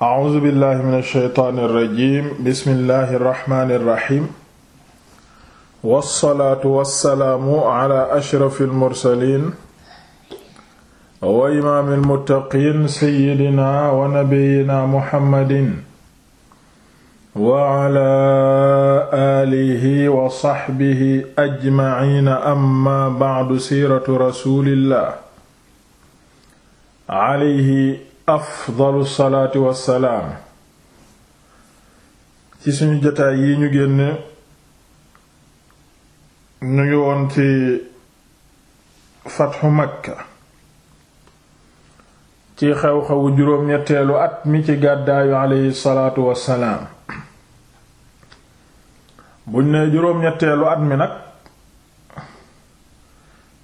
A'uuzu billaahi mina shaytaani rajiim bismillaahi rahmaani rahiim. Wassalaatu wassalaamu alaa ashrafil mursaliin. wa imaamil muttaqiin sayyidinaa wa nabiyyinaa Muhammadin. wa alaa aalihi wa saxbihi ajmaciina amma ba'du siiratu rasuulillaah alayhi afdalu salaati wassalaam ci suñu jotaay yi ñu génn ñu ngi woon ci fatxu makka ci xew-xewu juróom-ñetteelu at mi ci gàddaayu aleyhi salaatu wassalaam buñ ne juróom-ñetteelu at mi nag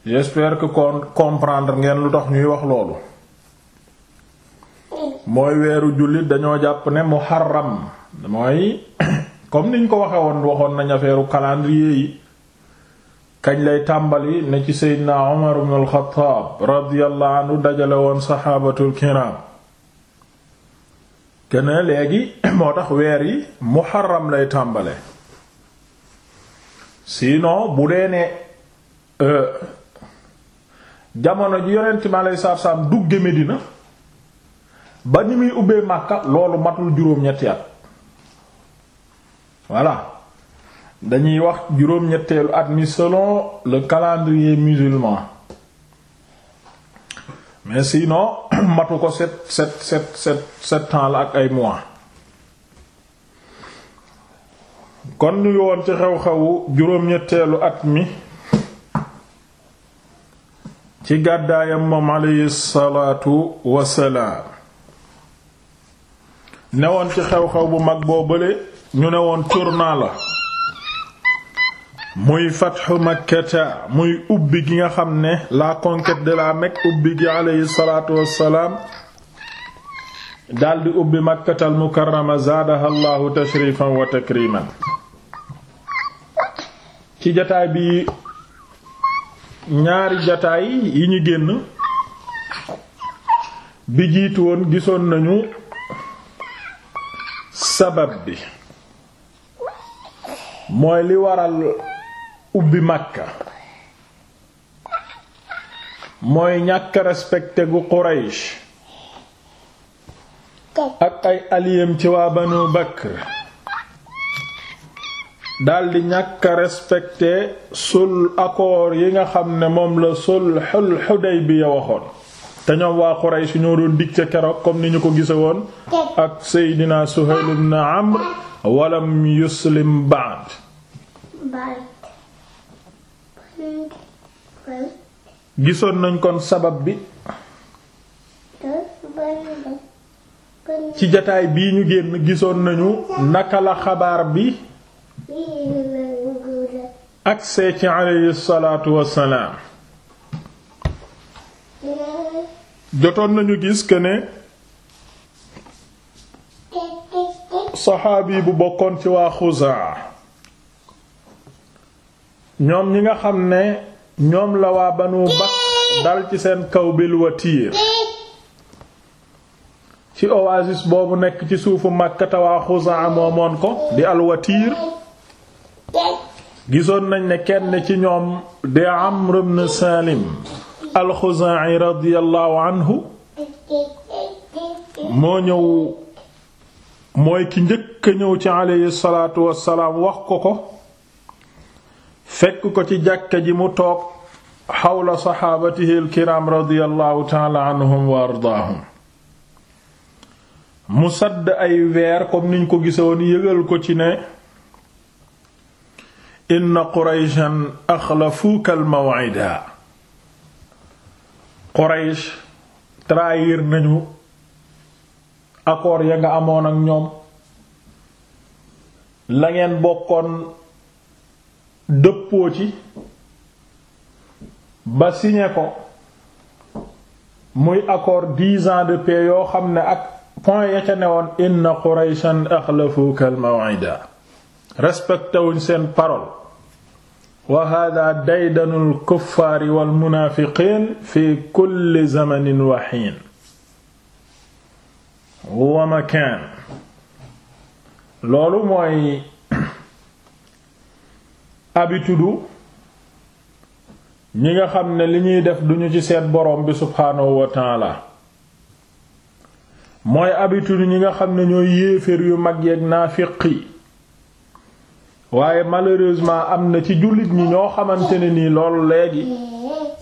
j'espère que comprendre ngeen lu tax ñuy wax loolu mooy weeru jullit dañoo jàpp ne muharram mooy comme niñ ko waxe woon waxoon nañ affaire calendrier yi kañ lay tàmbali ne ci seydina Umar ibn al-Khattab radiyallahu dajale woon saxaabatul kiram léegi moo tax weer yi muharram lay tàmbale sinon bu dee ne euh, jamono ji yonent mi alayhi salaam dugge Medina ba ni muy ubbee Makka loolu matul juróom-ñetti at voilà dañuy wax juróom-ñetteelu at mi selon le calendrier musulman mais sinon matu ko sept sept sept sept sept ans la ak ay mois kon ñu woon ci xew-xewu juróom-ñetteelu at mi ci gàddaayam moom aleyhi salaatu wasalaam newoon ci xew-xew bu mag boo bële ñu newoon tournant la muy fatxu makkata muy ubbi gi nga xam ne la conquête de la Mecque ubbi gi aleyhi salaatu wassalaam daldi ubbi makkatal mukarrama zaadaha allahu tashrifan wa takriman ci jataay bi ñaari jataay yi ñu génn bi jiitu woon gisoon nañu sabab bi mooy li waral ubbi Makka mooy ñàkk respecté gu Quraysh ak ay aliyem ci waa Banu Bakr daldi ñàkk respecté sul accord yi nga xam ne moom la sulhul Hudaybiya waxoon te ñoom waa Quraysh su doon dig ca kero comme ni ñu ko gise woon ak Seydina Suhayl ibn Amr walam yuslim ba'd gisoon nañ kon sabab bi ci jataay bii ñu génn gisoon nañu naka la xabaar bi ak ci aleyhi salaatu wassalaam jotoon nañu gis que ne saxaabi bu bokkoon ci waa Xuzaa ñoom ñi nga xam ne ñoom la waa Banu Bakr dal ci seen kaw bil watiir ci oasis boobu nekk ci suufu Makka waa Xuzaa moomoon ko di alwatiir gisoon nañ ne kenn ci ñoom di Amr ibn Salim alxuzaa'i radiyallahu moo ñëw mooy ki njëkk ñëw ci aleyhi salaatu wax ko ko fekk ko ci jàkka ji mu toog xawla saxaabatihi alkiraam radiyallahu taala anhum wa ardaahum mu sadd ay weer comme niñ ko gisoon yëgal ko ci ne inna qurayshan axlafuuka almaw'ida Quraysh trahir nañu accord ya nga amoon ak ñoom la ngeen bokkoon dëppoo ci ba signé ko muy accord dix ans de paix yoo xam ne ak point ya ca newoon inna Qurayshan axlafuka al maw'ida respecté wuñ seen parole wa hada daydanu lkuffaari walmunaafiqin fi kulli zamanin wa xiin wa makaan loolu mooy abitudu ñi nga xam ne li ñuy def duñu ci seet boroom bi subhaanahu wa taala mooy abitudu ñi nga xam ne ñooy yéeféer yu mag yeeg naafiqi waaye malheureusement am na ci jullit ñi ñoo xamante ne nii loolu léegi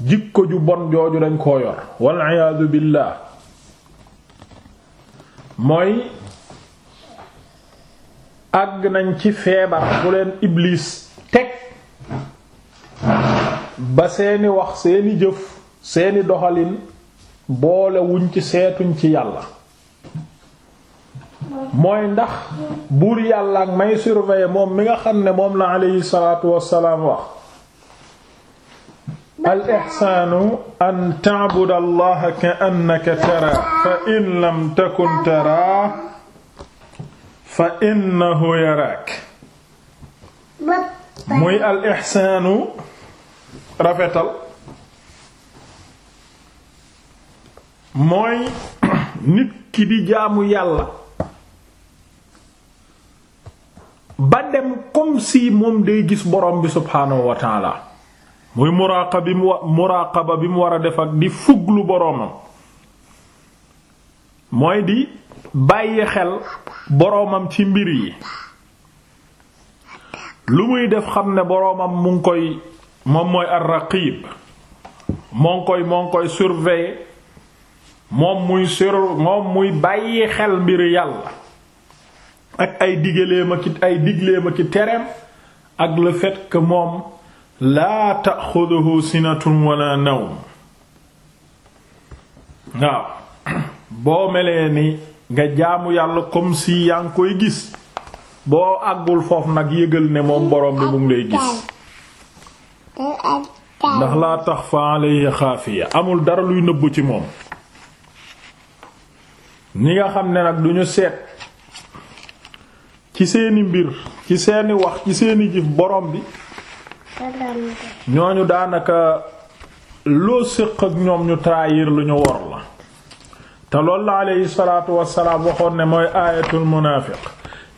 jikko ju bon jooju dañ ko yor wal iyaadu billah mooy àgg nañ ci feebar bu leen iblis teg ba seeni wax seeni jëf seeni doxalin boolewuñ ci seetuñ ci yàlla mooy ndax buur yàlla ak may surveiller moom mi nga xam ne moom la aleyhi salaatu wassalaam wax al ixsaanu an tacbuda allaha ka annaka fa in lam takun tara fa innahu yaraak muy al ixsaanu rafetal mooy nit ki di jaamu yàlla ba dem comme si moom day gis boroom bi subhaanahu wa taala muy muraaqa bi mu war a def ak di fuglu boroomam mooy di bàyyi xel boroomam ci mbir yi lu muy def xam ne boroomam mu ngi koy moom mooy ar-raqib koy moo koy surveiller moom muy sur moom muy bàyyi xel mbir yàlla ak ay digaleem ak ay digleem ak tereem ak le fait moom laa ta'xuduhu sinatun wala nawm waaw boo melee ni nga jaamu yàlla comme si yaa ngi koy gis boo àggul foofu nag yëgal ne moom borom bi mu lay gis ndax laa taxfa alayhi xaafiya amul dara luy nëbbu ci moom ñi nga xam ne nag duñu seet ci seeni mbir ci seeni wax ci seeni jëf borom bi ñooñu daanaka loo siq ak ñoom ñu trahir lu ñu wor la te loolu la aleyhi salaatu wassalaam waxoon ne mooy aayatul munaafiq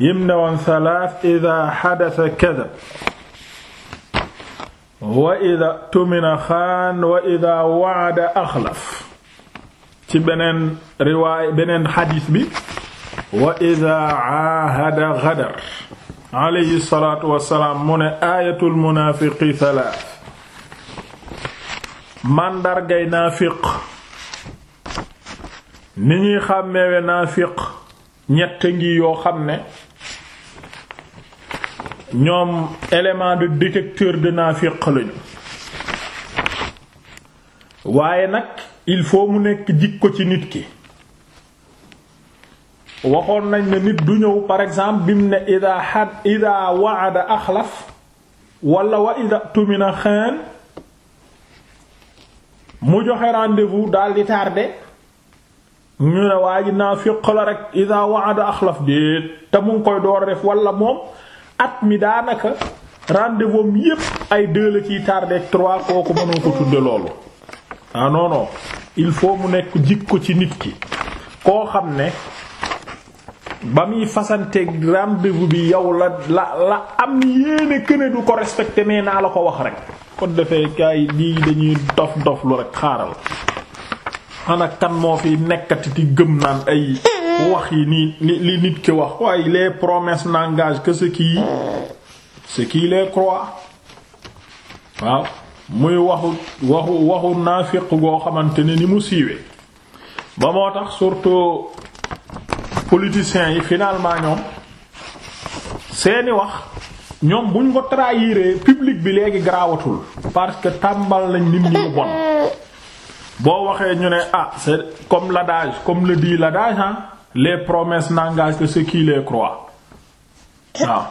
yim ne woon thalath ida xadata kadab wa ida tumina xaan wa ida waada axlaf ci beneen riwaay beneen xadiis bi wa idaa aahada gadar alayhi salaatu wassalaam mu ne aayatul munaafiqi thalath màndargay naafiq ni ñuy xàmmeewe naafiq ñett ngi yoo xam ne ñoom élément de détecteur de naafiq lañu waaye nag il faut mu nekk ko ci nit ki waxoon nañ ne nit du ñëw par exemple bi mu ne ida had ida waada axlaf wala wa ida tumina xaan mu joxe rendez-vous daal di tardé ñu ne waa ji naafiq la rek ida waada axlaf déet te mu ngi koy door def wala moom at mi daanaka rendez-vous am yépp ay deux la ciy tardé trois kooku mënoo ko tudde loolu ah non il faut mu nekk jikko ci nit ki koo xam ne ba muy fasanteeg rendez-vous bi yow la la la am yéene këne du ko respecté mais naa la ko wax rek kon defee kay lii dañuy dof dof lu rek xaaral xanaa kan moo fi nekkati di gëm naan ay wax yi ni li nit ki wax waaye les promesses n'engagent que ceux kii ceux qui les croient waaw muy waxu waxu waxu naafiq goo xamante ni mu siiwee ba moo tax surtout politiciens yi finalement ñoom seeni wax ñoom buñ ko trahiré public bi léegi garaawatul parce que tàmbal nañ nit ñi bon boo waxee ñu ne ah c'est comme l'adage comme le di la hein les promesses n'engagent que ceux qui les croient waaw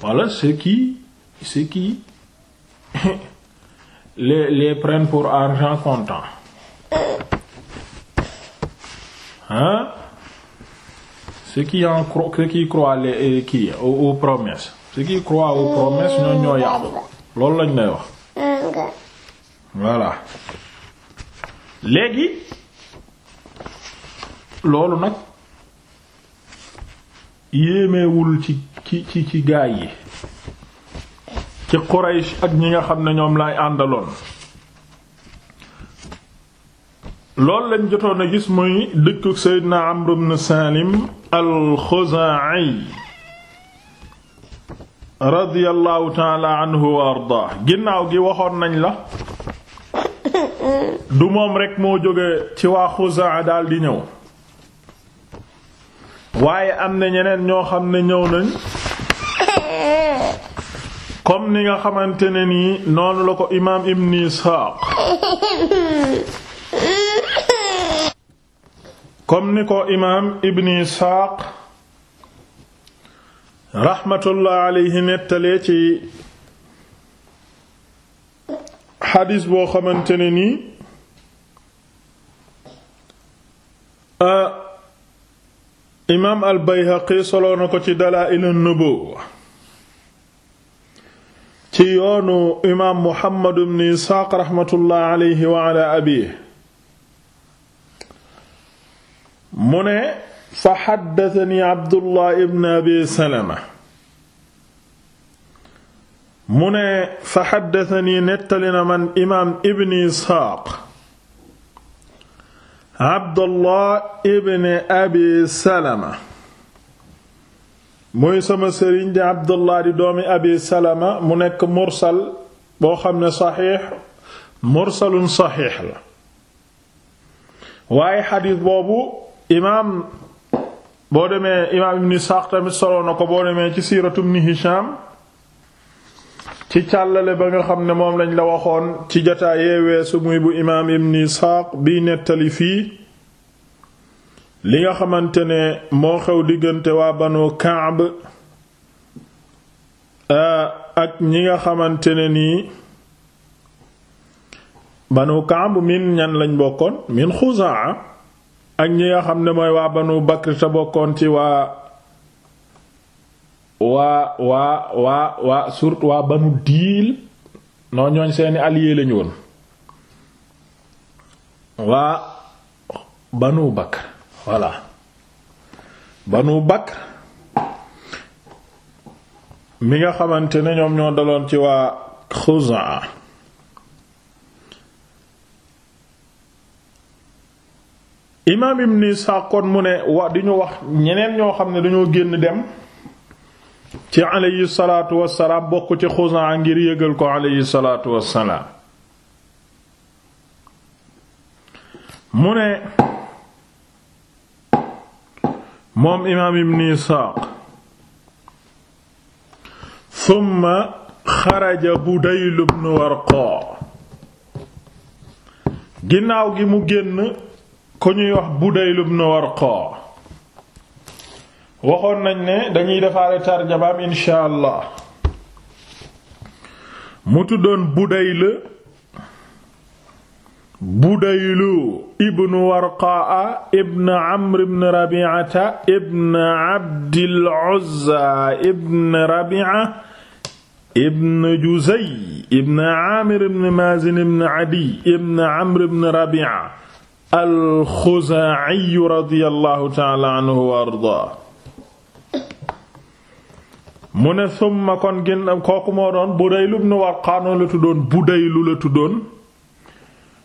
voilà ceux qui ceux qui les les prennent pour argent comptant hein ceux qui en croient ceux qui croient les euh, kii aux promesses qui croient aux promesses ñoo ñoo yàqu loolu lañ lay wax voilà léegi loolu nag yéemeewul ci ci ci ci gaay yi ci Quraysh ak ñi nga xam ne ñoom laay àndaloon loolu lañ jotoon a gis muy dëkk Seydina Amr ibn Salim al-Khuzaa'i radiyallahu taala anhu wa ardaa ginnaaw gi waxoon nañ la du moom rekk moo jóge ci waa Xuzaa daal di ñëw waaye am na ñeneen ñoo xam ne ñëw nañ comme ni nga xamante ne nii noonu la ko imaam Ibn Isxaaq comme ni ko imaam ibni isxaaq raxmatullah alayhi nettalee ci xadis boo xamante ne nii imaam al bayhaqi soloo na ko ci dalaa'il an-nubuwwa ci yoonu imaam muhammad ibni isxaaq raxmatullah alayhi wa ala abiihi mu ne fa xaddatani abdullah ibn abi salama mu ne fa xaddatani nettali na man imaam ibn isxaaq abdullah ibn abi salama muy sama sëriñ di abdullah di doomi abi salama mu nekk mursal boo xam ne saxiix mursalun saxiix la waaye xadiis boobu imaam boo demee imaam ibn Isaaq tamit solo na ko boo demee ci siiratu ibn Hisham ci càllale ba nga xam ne moom lañ la waxoon ci jataayee weesu muy bu imaam ibn Isaaq biy nettali fii li nga xamante ne moo xew diggante waa banu Kaab ak ñi nga xamante ne nii banu Kaab min ñan lañ bokkoon min Xuzaa ak ñi nga xam ne mooy waa banu Bakr sa bokkoon ci waa waa waa waa waa surtout waa banu diil noo ñooñ seeni alliés lañu woon waa banu Bakr voilà banu Bakr mi nga xamante ne ñoom ñoo daloon ci waa Xuzaa imaam ibn Isaaq kon mu ne wa di wax ñeneen ñoo xam ne dañoo génn dem ci aleyhi salaatu wassalaam bokk ci Xuzaa ngir yëgal ko aleyhi salaatu wassalaam mu ne moom imaam ibn Isaaq summa xaraja Budayl ibn Warqa ginnaaw gi mu génn ko ñuy wax Budayl ibn Warqa waxoon nañ ne dañuy defaale tarjamaam insha allah mu tuddoon Budayl Budaylu ibn Warqaa ibn Amr ibn Rabi'ata ibn Abdil Uzza ibn Rabi'a ibn Juzay ibn Amir ibn Mazin ibn Adi ibn Amr ibn Rabi'a alxuzaa'i radiyallahu ta'ala anhu wa ardaa mu ne summa kon gën kooku moo doon budaylu ibnu warqaanoon la tuddoon budaylu la tuddoon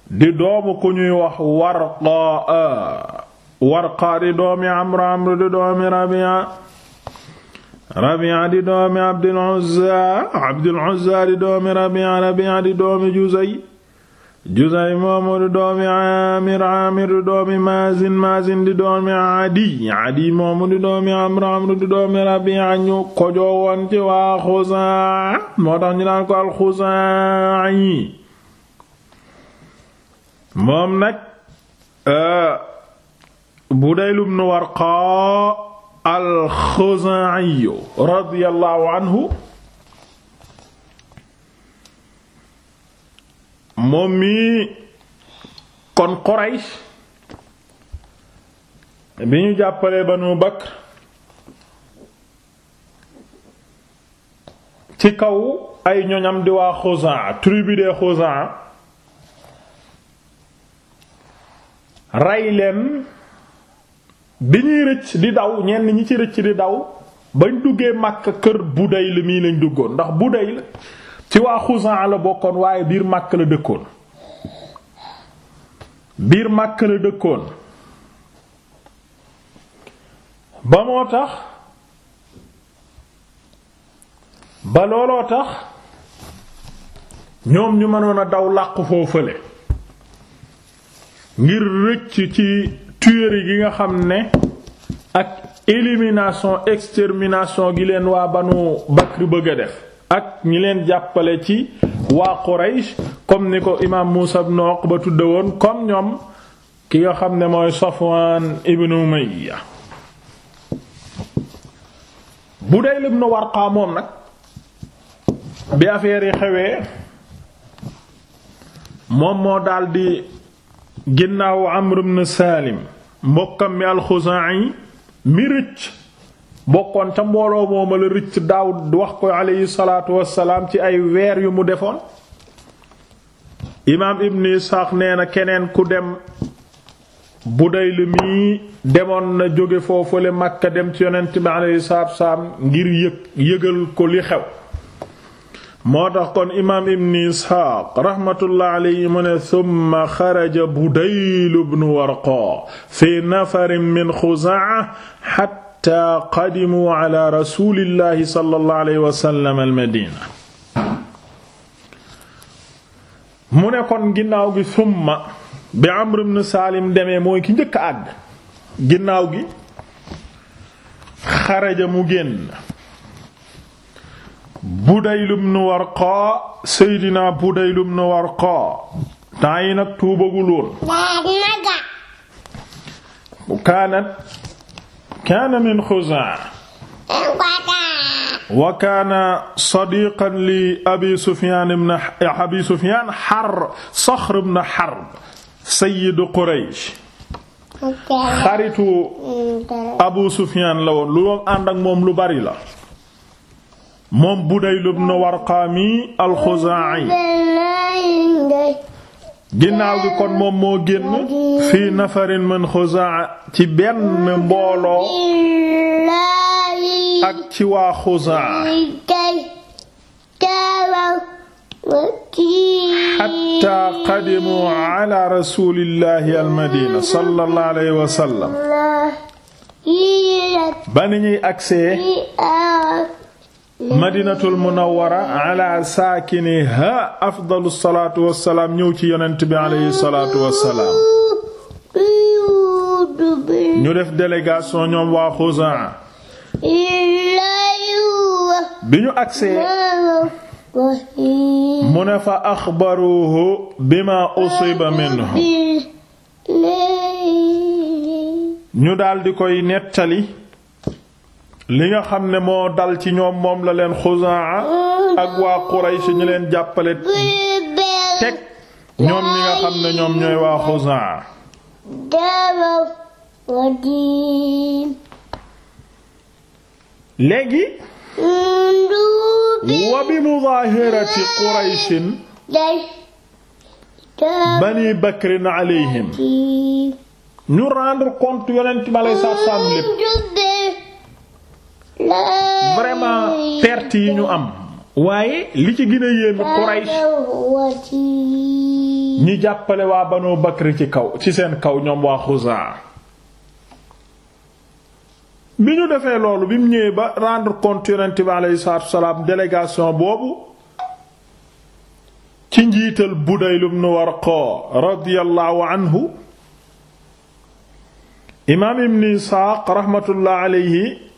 di doomu ku ñuy wax warqaa warqaa di doomi amru amru di doomi rabia rabia di doomi abdul uzza abdul uzza di doomi rabia rabia di doomi juzay Juzayma moo di doomi Aamir Aamir di doomi Maazin Maazin di doomi Adi Adi moomu di doomi Amr Amr di doomi Rabi'a ñu ko joowoon ci waa Xusaa moo tax ñu naan ko alxusaa yi moom nag euh, Budayl ibn Warqa alxusaa radiyallahu anhu moom mii kon Quraysh bi ñu jàppalee Banu Bakr ci kaw ay ñoñam di waa Xuzaa tribu de Xuzaa rey bi ñuy rëcc di daw ñenn ñi ci rëcc di daw bañ duggee Makka kër Budayl mii lañ duggoon ndax Budayl ci waa Xuzaa la bokkoon waaye biir màkk la dëkkoon biir màkk la dëkkoon ba moo tax ba looloo tax ñoom ñu mënoon a daw làqu foofale ngir rëcc ci tuerie gi nga xam ne ak élimination extermination gi leen waa Banu Bakr bëgg a def ak ñi leen jàppale ci waa Quraysh comme ni ko imaam Muusa ibn Uqba tudde woon comme ñoom ki nga xam ne mooy Safwaan ibn Umayya Budayl ibn Warqa moom nag bi affaire yi xewee moom moo daldi ginnaaw Amr ibn Salim mbokkam mi al-Xuzaa'i mi rëcc bokkoon ca mbooloo mooma la rëcc Daawud wax ko aleyhi salaatu wassalaam ci ay weer yu mu defoon imaam Ibn Isxaaq nee na keneen ku dem Budayl mi demoon na jóge foofule Makka dem ci yonent bi aleyhi salaatu wassalaam ngir yëg yëgal ko li xew moo tax kon imaam Ibn Isxaaq raxmatullah aleyhi mu ne summa xaraja Budayl ibn Warqa fi nafarin min Xuzaa xatta qadimu ala rasulillahi sallallahu alayhi wa sallam almadina mu ne kon ginnaaw gi summa bi amr ibn saalim demee mooy ki njëkk a àgg ginnaaw gi xaraja mu génn budaylu ibn warqa seydina budaylu ibn warqa temps yi nag tuubagul woon kaanat kaana min Xuzaa wa kaana sadiqan li abi Sufyaan ibn abi Sufyaan Harb Saxr ibn Harb sayyidu Quraysh xaritu Abu Sufyaan la woon lu doon ànd ak moom lu bari la moom Budayl ibn Warqaami al-Xuzaa'i ginnaaw gi kon moom moo génn fii nafarin min Xuzaa ci benn mbooloo ak ci waa Xuzaa xatta qadimu ala rasulillahi almadina sallallahu alayhi wa sallam ba ni ñuy agsee madinatul munawwara ala saakiniha afdalu salaatu wassalaam ñëw ci yonent bi alayhi salaatu wassalaam ñu def délégation ñoom waa Xuzaa bi ñu agsee mu ne fa axbaruhu bima usiba minhu ñu daldi koy nettali li nga xam ne moo dal ci ñoom moom la leen Xuzaa ak waa si ñu leen jàppale teg ñoom ñi nga xam ne ñoom ñooy waa Xuzaa léegi wa bi mudaahirati Qurayshin Bani Bakrin alayhim ñu rendre compte yonent bi alayhi lépp vraiment perte yi ñu am waaye li ci gina a yéeme Quraysh ñi jàppale waa Banu Bakr ci kaw ci seen kaw ñoom waa Xuzaa bi ñu defee loolu bi mu ñëwee ba rendre compte yonent bi alayhi salaatu wasalaam délégation boobu ci njiital Budayl ibn Warqa radiyallahu anhu imaam ibn Isaaq rahmatullah alayhi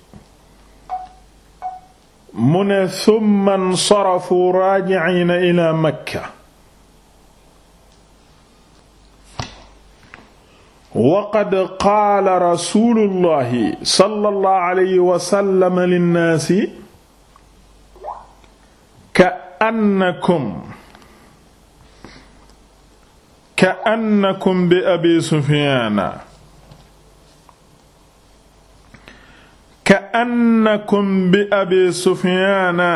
mu ne summa nsarafu raaji'ina ila makka wa qad qaala rasuulullahi sallallahu alayhi wa sallam linnaasi ka'annakum ka'annakum bi abi sufyaana ka annakum bi abi sufyaana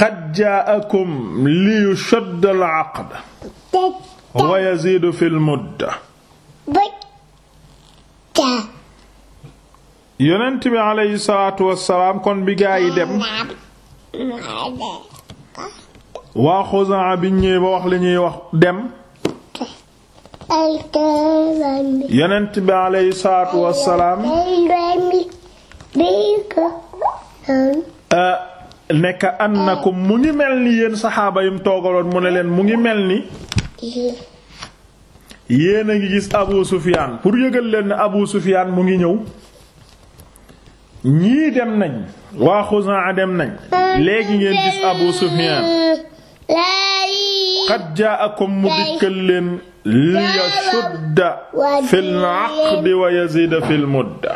qad jaa'akum li yushadda al-'aqd wa yaziidu fi al-mudda yonent bi aleyhi salaatu wassalaam kon bi gaa yi dem waa Xuzaa bi ñëw ba wax li ñuy wax dem yonent bi aleyhi salaatu wassalaam nekk annakum mu ngi mel ni yéen saxaaba yim toogaloon mu ne leen mu ngi mel ni yéen a ngi gis Abu Sufyaan pour yëgal leen ne Abu Sufyaan mu ngi ñëw ñii dem nañ waa Xuzaa dem nañ léegi ngeen gis Abu Sufyaan qad jaakum mu dikkal leen liyashudda fil aqdi wa yazida fil mudda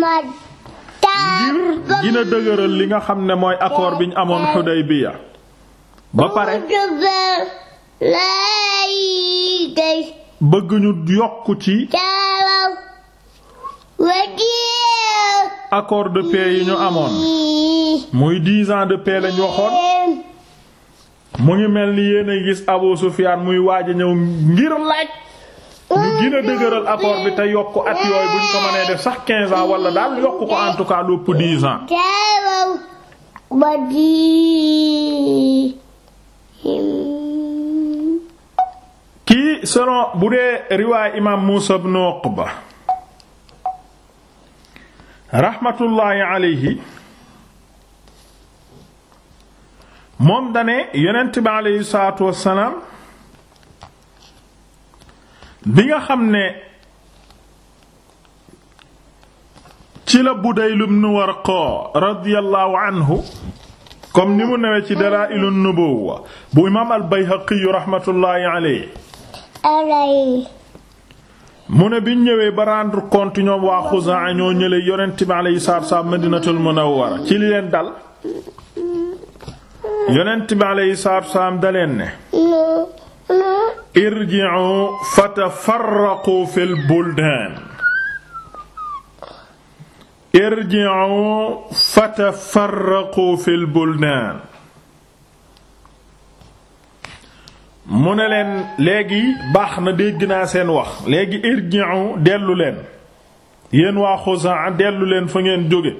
ngir dina dëgëral li nga xam ne mooy accord bi ñu amoon Xudaybiya ba pare bëgguñu ñu yokk ci accord de paix yi ñu amoon muy dix ans de paix lañ waxoon mu ngi mel ni yéen a gis Abu Sufyaan muy waaj a ñëw ngir laaj ñu gën dëgëral accord bi te yokk at yooyu buñ ko mënee def sax 15 ans wala daal yokk ko en tout cas lépp 10 ans. kii selon bu dee riwaay imaam Muusaa ibn Uqba rahmatullahi moom dane yonent bi aleyhi salaatu wassalaam bi nga xam ne ci la Budayl ibn Warqa radiyallahu anhu comme ni mu newee ci Dalaa'il an-Nubuwwa bu imaam al-Bayhaqi rahmatullahi aleyhi mu ne bi ñëwee ba rendre compte ñoom waa Xuzaa ñoo ñële yonent bi aleyhi salaatu wassalaam Madinatul Munawwara ci li leen dal yonent bi alayhi salaatu wassalaam daleen ne irji'u fatafarraqu fil buldaan buldaan mu ne leen léegi baax na dégg naa seen wax léegi irji'u dellu leen yéen waa Xuzaa dellu leen fa ngeen jóge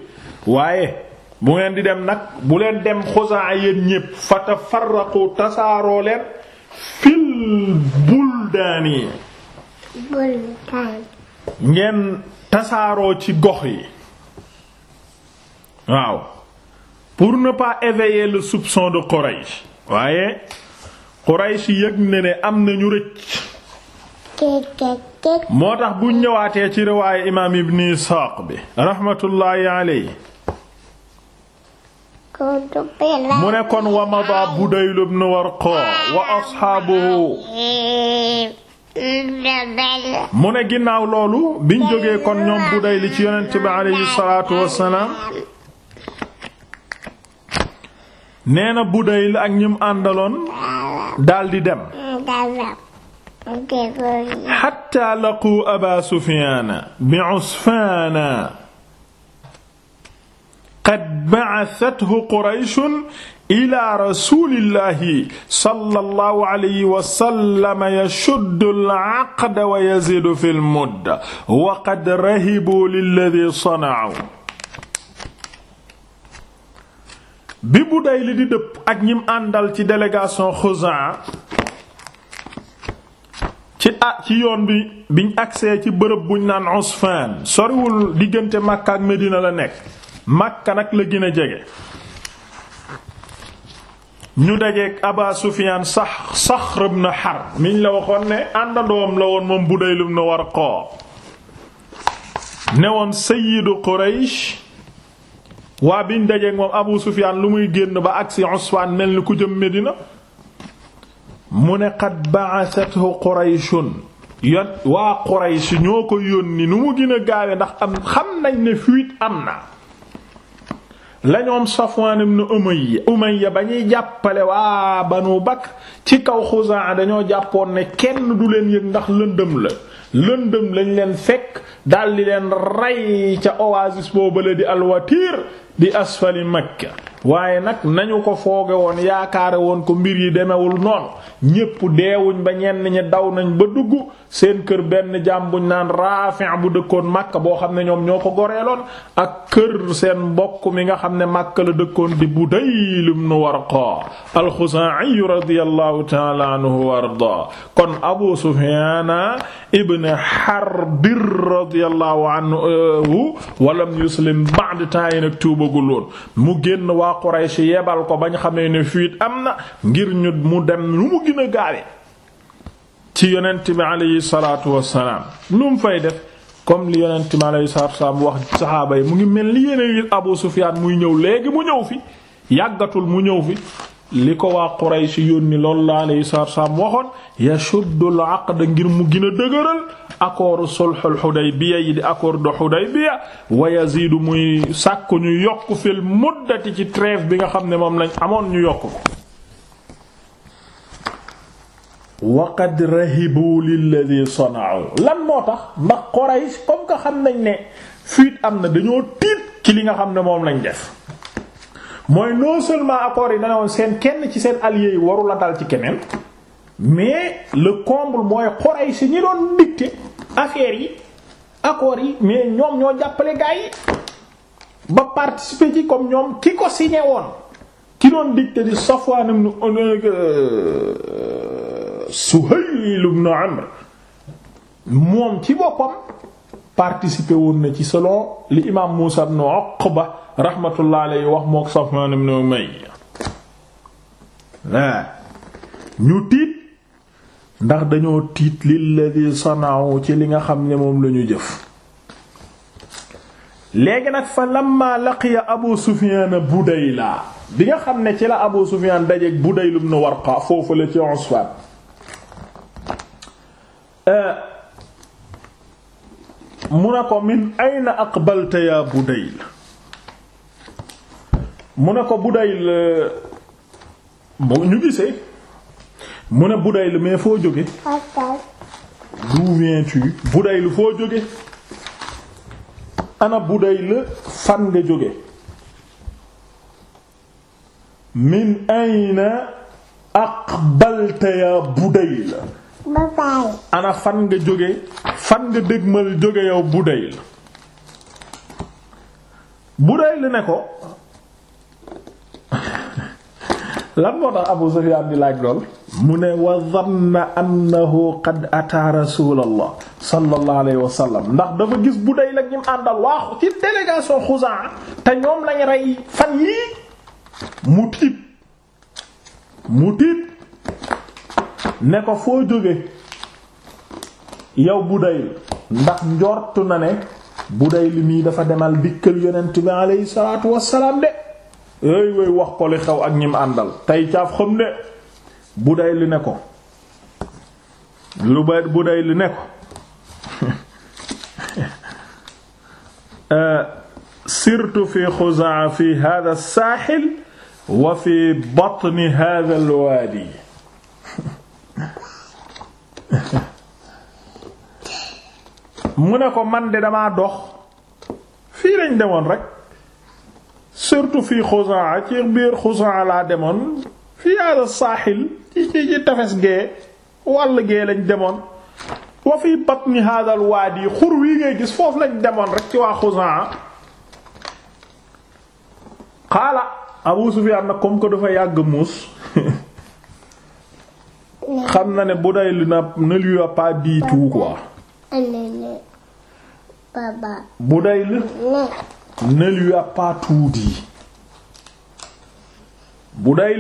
waaye bu ngeen di dem nag buleen dem Xuzaa yéen ñépp fatafarraqu tasaaroo leen fil buldaani ngeen tasaaroo ci gox yi waaw pour ne pas éveiller le soupçon de waaye Quraysh yëg ne ne am na ñu rëcc moo tax bu ñëwaatee ci riwaayu imaam Ibn Isaaq bi rahmatullahi alayhi mu ne kon wa mada Budayl ibn Warqa wa asxaabuhu mu ne ginnaaw loolu bi jógee kon ñoom Budayl ci yonent bi aleyhi salaatu wassalaam nee na Budayl ak ñim àndaloon daldi dem xatta laqu Aba Sufyaan bi Usfaana qad ba'athathu qurayshun ila rasulillahi sallallahu alayhi wa sallam yashuddu al-'aqda wa yazidu fi al-mudda wa qad rahibu lilladhi sana'u bi Budayli di dëpp ak ñim àndal ci délégation Xuzaa ci yoon bi biñ agsee ci bërëb buñ naan Usfaan soriwul diggante Makka ak Medina la nekk Makka nag la gën a jege ñu dajeek Aba Sufyaan sax Saxr na Harb miñ la waxoon ne àndandoom la woon moom Budayl ibn Warqa ne woon sayyidu Quraysh waa biñ dajeek moom Abu Sufyaan lu muy génn ba agsi Usfaan mel ni ku jëm Medina mu ne qad ba'athathu Qurayshun yot waa Quraysh ñoo ko yónni nu mu gën gaawe ndax am xam nañ ne fuite am na la ñoom Safwaan ibn Umayya ya ba ñuy jàppale waa ba Banu bag ci kaw Xuzaa dañoo jàppoon ne kenn du leen yëg ndax lëndëm la lëndëm lañ leen fekk daldi leen rey ca oasis boobale di alwatiir di asfali makka waaye nag nañu ko fooge woon yaakaare woon ko mbir yi demewul noonu ñépp deewuñ ba ñenn ñi daw nañ ba dugg seen kër benn jaam buñ naan Raafi' bu dëkkoon Makka boo xam ne ñoom ñoo ko goreeloon ak kër seen mbokk mi nga xam ne Makka la dëkkoon di Budayl ibn Warqa al-Xuzaa'i radiyallahu ta'ala anhu wa ardaa kon Abu Sufyaan ibn Harb radiyallahu anhu walam yuslim ba'da ta'yin tuuba bëggul woon mu génn waa Quraysh yebal ko ba bañ xamee ne fuite am na ngir ñu mu dem lu mu gën a ci yonent bi aleyhi salaatu wassalaam lu mu fay def comme li yonent bi aleyhi salaatu wassalaam wax saxaaba yi mu ngi mel ni yéene yi Abu Sufyaan muy ñëw léegi mu ñëw fi yàggatul mu ñëw fi li ko waa Quraysh yónni loolu la alayhi salaatu wassalaam waxoon yashuddul aqd ngir mu gina a dëgëral accord sulhul Hudaybiya yi di accord de Hudaybiya wa yaziidu muy sàkk ñu yokk fil muddati ci trêve bi nga xam ne moom lañ amoon ñu yokk ko wa qad rahibu lilladhi sana'u lan moo tax ndax Quraysh comme que xam nañ ne fuite am na dañoo tiit ci li nga xam ne moom lañ def mooy non seulement accords yi dana seen kenn ci seen alliés yi waru la dal ci keneen mais le comble mooy Quraysh ñi doon dicter affaires yi accords yi mais ñoom ñoo jàppale gars ba participer ci comme ñoom ki ko signé woon ki doon dicter di Safwan ibn euh, euh, Suhayl ibn Amr moom ci boppam. participer woon na ci solo li imaam Muusa ibn Uqba rahmatullah alayhi wax mook Safwan ibn Umayya ñu tiit ndax dañoo tiit lilladi sanaawu ci li nga xam ne moom lañu jëf léegi nag fa lamma laqiya Abu Sufyaan Budayla bi nga xam ne ci la Abu Sufyaan dajeek Budayl ibn Warqa foofu la ci Usfaan mu ne ko min ayna aqbalta ya Budayl mu ne ko Budayl euh, bu ñu gisee mu ne Budayl mais foo jóge d'où viens-tu la foo jóge ana Budayl fan nga jóge min ayna aqbalta ya Budayl ba fay. ana fan nga jóge fan nga dégmal jóge yow Budayl Budayl ne ko lan moo tax Abu Sufyaan di laaj lool mu ne wa dhanna annahu qad ataa rasulallah sallallahu alayhi ndax dafa gis Budayl ak ñim àndal waaxu ci délégation Xuzaa te ñoom lañ rey fan yii mu tiit mu tiit ne ko foo jóge yow Budayl ndax njortu na ne bu Budayl mii dafa demal dikkal yonent bi aleyhi salaatu wassalaam de eey wey wax ko li xew ak ñim àndal tey caaf xam ne Budayl ne ko lu bay Budayl ne ko euh, sirtu fi Xuzaa fi hada as-saaxil wa fi batni hada waadi mu ne ko man de damaa dox fii lañ demoon rek surtout fii Xusaa ci biir Xusaa laa demoon fii ala saaxil ci ci tefes gee wàll gee lañ demoon wa fii batni hadal waadi xur wi ngay gis foofu lañ demoon rek ci waa Xusaa xaala Abu Sufyaan nag comme que dafa yàgg muus xam na ne bu na ne lui a pas dit tout quoi. Budayl ne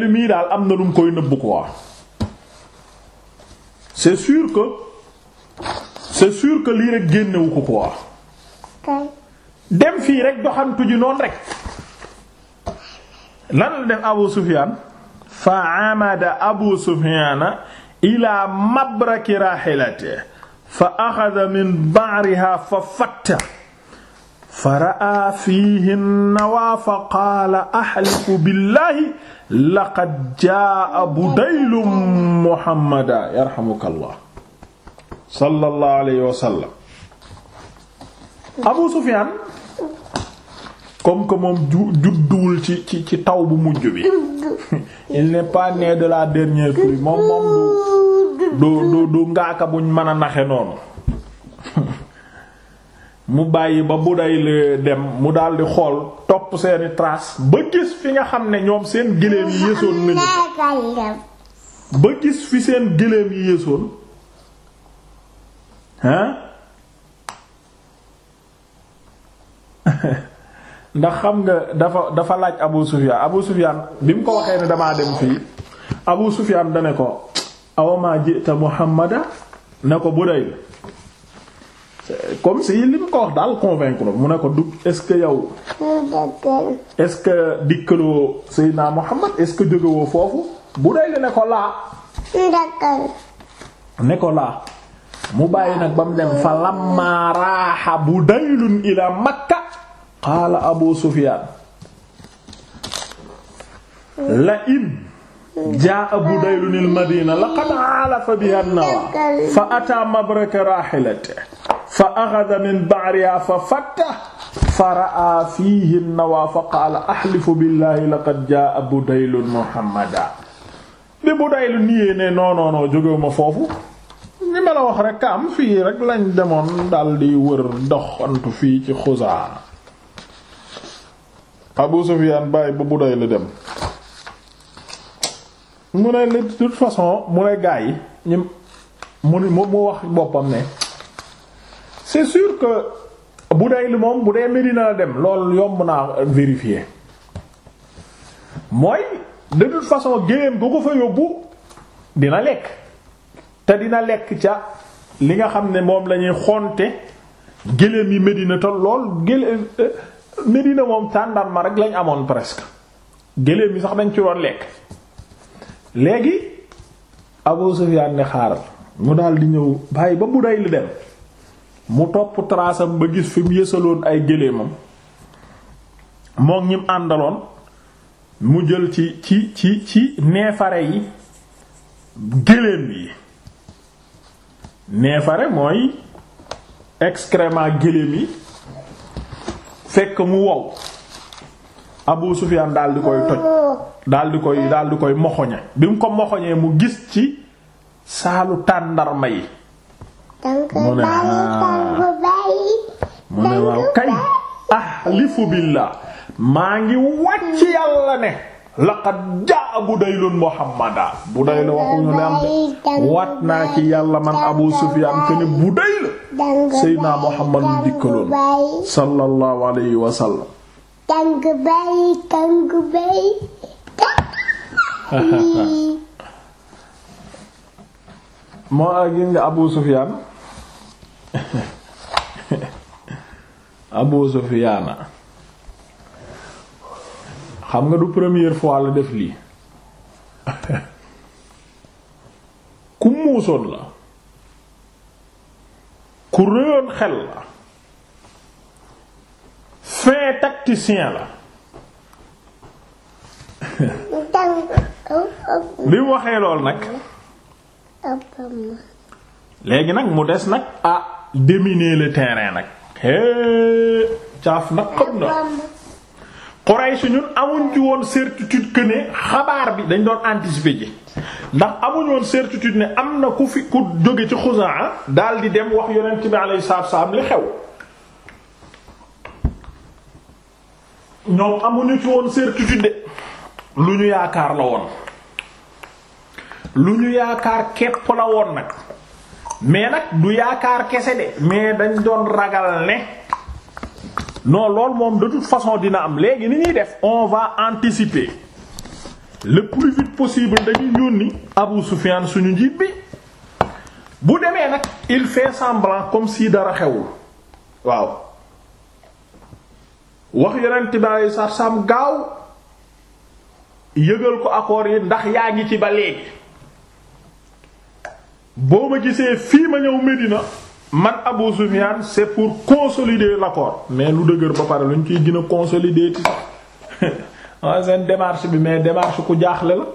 lui mii daal am na lu mu koy nëbb quoi. c'est sûr que c'est sûr que lii rek génnewu ko quoi. dem fii rek doxantu ji noonu rek. la def Abu Sufyaan fa amada abu sufyaana ila mabraki raxilate fa axada min baariha fa fatta fa ra'a fiihi nawaa fa qaala axlifu billaahi laqad jaa budaylum muhammada yarhamuka allah sallallahu alayhi wa sallam abu sufyaan comme que moom judduwul ci ci ci taw bu mujj bi il n'est pas né de la dernière pluie moom moom du du du ngaaka buñ mën a naxe noonu mu bàyyi ba bu day la dem mu daldi xool topp seeni tras ba gis fi nga xam ne ñoom seen gëléem yi yéesoon ba gis fi seen gëléem yi yéesoon hein ndax xam nga dafa dafa laaj Abu Sufyan Abu Sufyan bi mu ko waxee ne damaa dem fii Abu Sufyan da ne ko awama jita Muhammada ne ko bu day comme si li mu ko wax daal convaincre mu ne ko du est-ce que ce que dikkaloo Seydina Muhammad est-ce que jógewoo foofu bu day ne ko laa ne ko laa mu bàyyi nag ba mu dem fa lamma raaxa bu daylun ila Makka qaala abu sufiyaan la in jaa budaylun il madina laqad alafa biha nawa fa ataa mabraka raahilate fa axada min ba'riha fa fatta fa raa fiihi nawa fa qaala ahlifu billahi laqad jaa budaylun muhammada bi budaylu niyee ne noonoonoo jógewuma foofu li ma la wax rekk am fii rek lañ demoon daldi wër doxantu fii ci xuzaa Abu Sufyan bàyyi ba Budayl la dem mu ne de toute façon mu ne gaa yi ñu mu ne mu wax boppam ne c'est sûr que Budayl moom bu dee Medina la dem loolu yomb naa vérifier mooy de toute façon génneem ko ko fa yóbbu dina lekk te dina lekk ca li nga xam ne moom lañuy xonte géléem yi Medina lool géléem euh, Medina moom tàndarma rek lañ amoon presque géléem yi sax dañ ci doon lekk léegi Abu Sufyaan ne xaaral mu daldi ñëw bàyyi ba mu day li dem mu topp trasam ba gis fi mu yësaloon ay géléemam mook ñim àndaloon mu jël ci ci ci ci neefare yi géléem yi neefare mooy excrément géléem yi fekk mu wow Abu Sufyaan daal koy toj daal di koy daal di koy moxoñe bi mu ko moxoñee mu gis ci saalu tàndarma yi mu ne ah. mu ne waaw kay ahlifu maa ngi wàcc yàlla ne laqad jaa Budaylun Muhammada Budayl waxuñu ne am de naa ci yàlla man Abu Sufyaan ke ne Budayl Seydina Muhammad dikkaloon sallallahu alayhi wa sallam moo ak gis Abu Sufyaan Abu Sufyaana xam nga du première fois la def lii ku muusoon la ku réyoon xel la fin tacticien la bi mu waxee lool nag léegi nag mu des nag ah déminer le terrain nag hé caaf nag xam na Quraysh ñun amuñ ci woon certitude que ne xabaar bi dañ doon anticiper ji ndax amuñ woon certitude ne am na ku fi ku jóge ci Xuzaa daal di dem wax yonent bi alayhi salaatu salaam li xew. ñoom amuñu ci woon certitude lu ñu yaakaar la woon lu ñu yaakaar képp la woon nag mais nag du yaakaar kese de mais dañ doon ragal ne. non loolu moom de toute façon dina am léegi ni ñuy def on va anticiper le plus vite possible dañuy yónni Abu Sufyan suñu njiit bi bu demee nag il fait semblant comme si dara xewul waaw wax yonent bi alei satu gaaw yëgal ko accords yi ndax yaa ngi ci ba léegi boo ma gisee fii ma ñëw Medina man Abu Sufyan c'est pour consolider l'accord mais lu dëgër ba pare lu ñu ciy gën a consolider ci sax waaye seen démarche bi mais démarche ku jaaxle la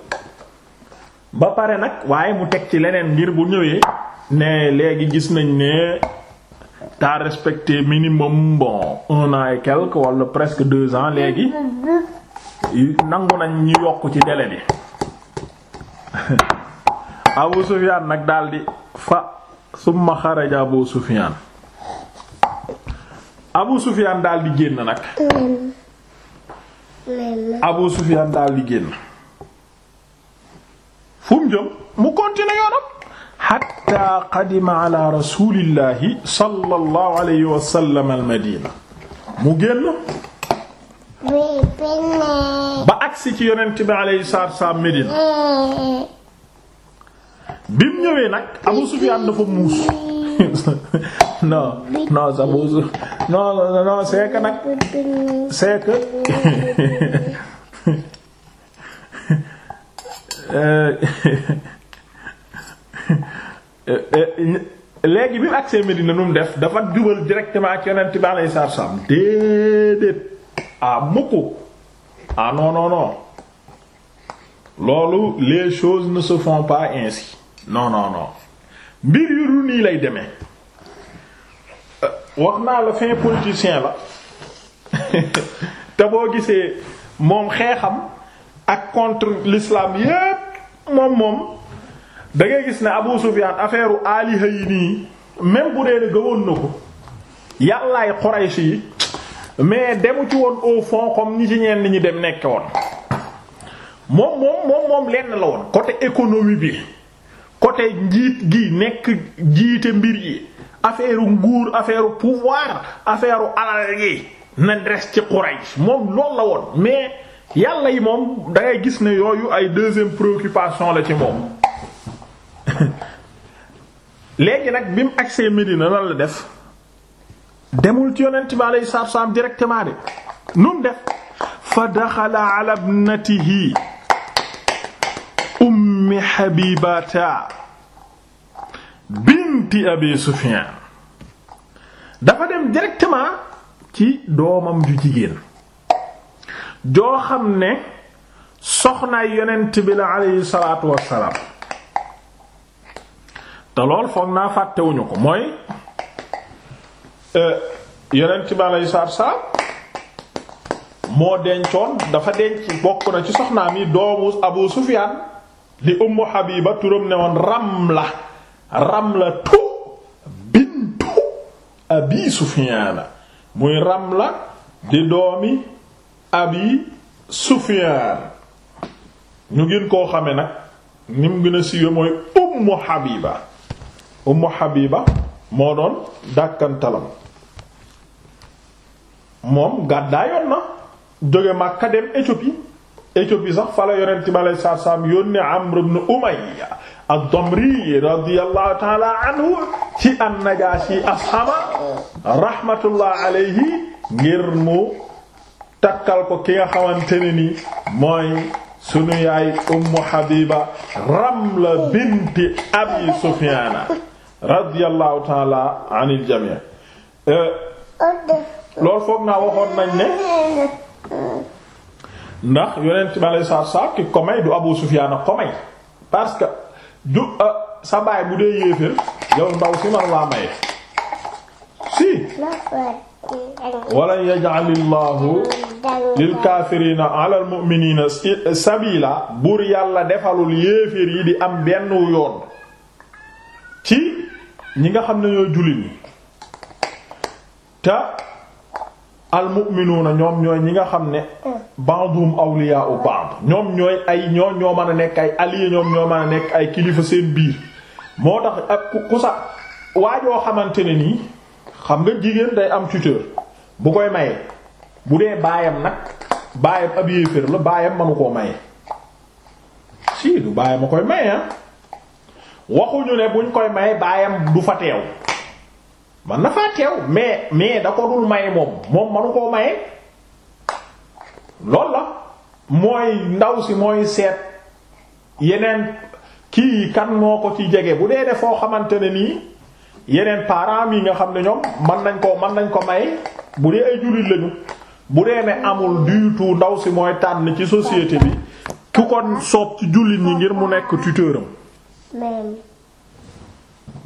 ba pare nag waaye mu teg ci leneen ngir bu ñëwee ne léegi gis nañ ne t'as respecté minimum bon un an et quelque wala presque deux ans léegi nangu nañ ñu yokk ci délai bi Abu Sufyan nag daldi fa summa xaraja abu sufiyaan abu sufiyaan daal di génn nag abu sufiyaan daal di génn fu mu mu continuer yoonam xatta qadima ala rasulillahi alayhi wa sallam mu génn ba agsi ci yonent bi alayhi salaatu wa salaam bi mu ñëwee nag Abu Sufyaan dafa muus non non sa Abu Su non non nag c'est que euh, euh, euh, bi mu agsee Medina nu mu def dafa jubal directement ci yonent bi alayhi salaatu salaam ah mukk ah non non loolu les choses ne se font pas ainsi. non non mbir yu ru nii lay deme euh, wax naa la fin politicien la te boo gisee moom xeexam ak contre lislaam yépp moom moom da gis ne Abu Sufyan affaire aliha yi nii même bu dee ne gëwoon na ko yàllaay Quraysh yi mais demu ci woon au fond comme ñi ci ñeen ñi dem nekke woon moom moom moom moom lenn la woon côté économie bi côté njiit gi nekk jiite mbir yi affaire nguur affaire pouvoir affaire alal yi na des ci Quraysh moom loolu la woon mais yàlla yi moom da gis ne yooyu ay deuxième préoccupation la ci moom. léegi nag bi mu agsee Medina lan la def demul ci yonent bi alayhi salaatu salaam directement de nun def fa daxala ala ummi Habibata binti dafa dem directement ci doomam ju jigéen joo xam ne soxnaay yonent bi la aleyhi salaatu wassalaam te lool foog naa fàttewuñu ko mooy euh, yonent bi aleyhi salaatu wassalaam moo dencoon dafa denc bokk na ci soxnaam yi doomu Abu Sufyaan di ummu Habiba turam ne woon Ramla Ramlatu bintu Abi Sufyaan muy Ramla di doomi Abi Sufyaan ñu gën koo xame nag ni gën a siiwe mooy ummu Habiba ummu Habiba moo doon dàkkantalam moom gàddaayoon na jóge Makka dem Éthiopie Éthiopie sax fa la yonent bi alayhi salaatu salaam yónnee Amr ibn Umayya ad-Damri radiyallahu ta'ala anhu ci an-Najashi ashama rahmatullah alayhi ngir mu takkal ko ki nga xamante ne ni mooy sunu yaay Ummu Habiba Ramla binti Abi Sufyana radiyallahu ta'ala anil jami' eh, loolu foog naa waxoon nañ ne ndax yonent bi aleyhi salaatu salaam ki ko may du Abu Sufyaan ko may parce que du euh, sa bu dee yéeféer yow ndaw si man laa maye si walan yaj'alillahu lil kaafiriina alal mu'miniina sabiila buur yàlla defalul yéeféer yi di am benn yoon ci ñi nga xam ne ñoo jullit ñi ta al almu'minuuna ñoom ñooy ñi nga xam ne ba'dhum awliyaa'u ba'd ñoom ñooy ay ñoo ñoo mën a nekk ay alliés ñoom ñoo mën a nekk ay kilifa seen biir moo tax ak ku sa waajoo xamante ne nii xam nga jigéen day am tuteur bu koy maye bu dee baayam nag baayam ab yéeféer la baayam manu koo maye si du baayam a koy maye ah. waxuñu ne buñ koy maye baayam du fa teew man na faa teew mais mais da ko dul maye moom moom manu koo maye loolu la mooy ndaw si mooy seet yeneen kii kan moo ko ci jege bu dee defoo xamante ne nii yeneen parents yi nga xam ne ñoom mën nañ ko mën nañ ko may bu dee ay jullit lañu bu dee ne amul du ndaw si mooy tànn ci société bi ku kon soob ci jullit ñi ngir mu nekk tuteuram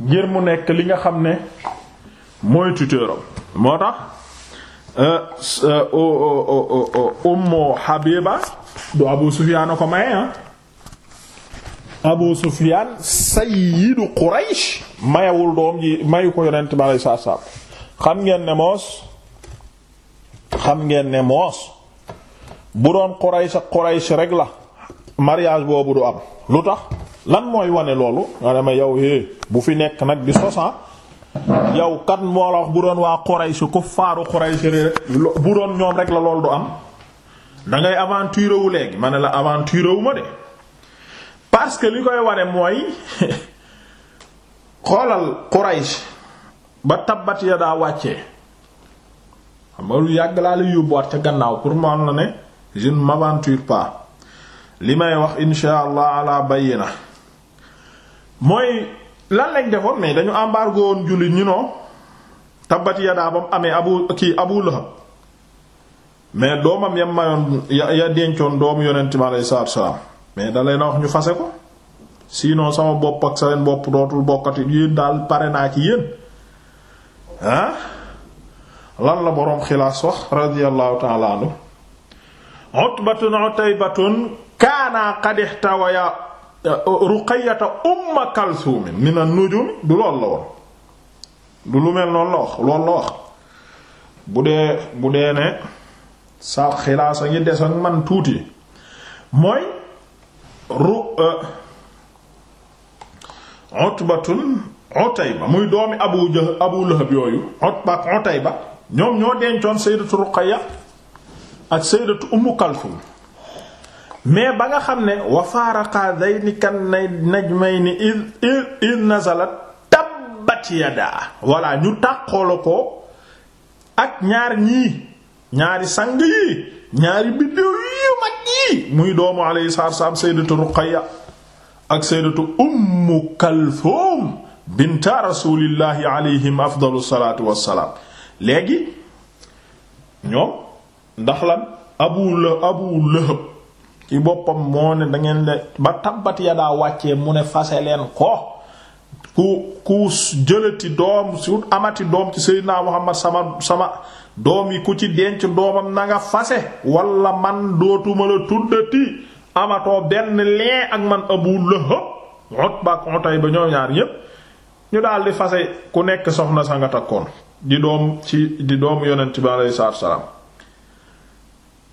ngir mu nekk li nga xam ne mooy tuteur am moo tax euh, euh, Ummu Habiba du Abu Sufyaan ko maye ah Abu Sufyaan sayyidu Quraysh mayewul doom ji mayu ko yonent ba lay xam ngeen ne moos xam ngeen ne moos bu doon Quraysh ak rek la mariage boobu du am lu tax lan mooy wane loolu nga dama yow é bu fi nekk nag di sosan ah. yow kat moo la wax bu doon waa Quraysh kuffaaru Quraysh bu doon ñoom rek la loolu du am da ngay aventure wu léegi ma ne la aventure wu ma de parce que li koy wane mooy xoolal Quraysh ba tabbat ya daa wàccee xam nga lu yàgg laa la yóbbuwaat ca gannaaw pour mu la ne je ne m'aventure pas li may wax insha allah ala na mooy. lan lañ defoon mais dañu embargo woon jullit ñu noo tabbat yadaa amee abu kii abu lahab mais doomam yam mayoon ya dencoon doomu yonent bi aleyhi salaatu salaam mais da leen wax ñu fase ko sinon sama bopp ak sa leen bopp dootul bokkati yéen daal pare naa ci yéen ah lan la boroom xilaas wax radiyallahu ta'ala anhu utbatun utaybatun kaana qad ihtawaya Euh, ruqayata umma kalsuumin min an-nujum du lool la woon du lu mel noonu la wax loolu la wax bu dee bu dee ne sa xilaas a ngi des ak man tuuti mooy ru euh, Utbatun Utayba muy doomi Abu Jahl Abu Lahab yooyu Utba ak Utayba ñoom ñoo dencoon sayyidatu Ruqayya ak sayyidatu Ummu Kalsum mais ba nga xam ne wa faaraqa dhayni kan najmayni id id id nazalat tabbat yadaa voilà ñu tàqoolo ko ak ñaar ñii ñaari sang yi ñaari biddew yu mag yi muy doomu alayhi salaam sayyidatu Ruqayya ak sayyidatu Ummu Kalthum binta rasulillahi alayhim afdalu salaatu wassalaam léegi ñoom ndax lan Abu Lahab Abu Lahab ci boppam moo ne dangeen ngeen ba tabbat ya daa wàccee mu ne fase leen ko ku ku jëlati doom su amati doom ci Seydina Muhammad sama sama doom yi ku ci denc doomam nanga nga fase wala man dootuma la tuddati amatoo benn lee ak man Abu Lahab Utba ak Utayba ñoom ñaar ñépp ñu daldi fase ku nekk soxna sa nga takkoon di doom ci di doom yonent bi alayhi salaam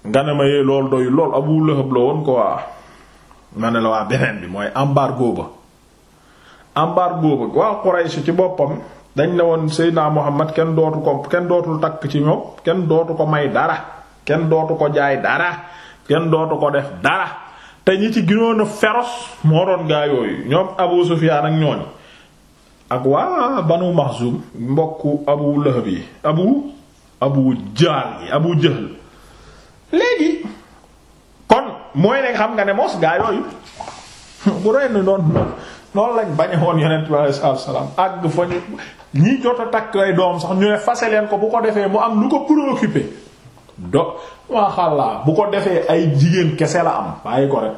nga ne ma yee loolu doy lool Abu Lahab la woon ko waa ma la waa beneen bi mooy embargo ba embargo ba waa Quraysh ci boppam dañ ne woon Seydina Muhammad kenn dootu ko kenn dootul takk ci ñoom kenn dootu ko may dara kenn dootu ko jaay dara kenn dootu ko def dara te ñi ci ginoon a féroce moo doon gaa yooyu ñoom Abu Sufyaan ak ñooñ ak waa Banu Maxsum mbokku Abu Lahab yi Abu Abu Jahl yi Abu Jahl léegi kon mooy ne xam nga ne mos gaa yooyu bu ren noonu noonu lañ bañ woon yonent jot a takk ay doom sax ñu ne fase leen ko bu ko defee mu am lu ko préoccupé do waa xàllaa bu ko defee ay jigéen kese la am bàyyi ko rek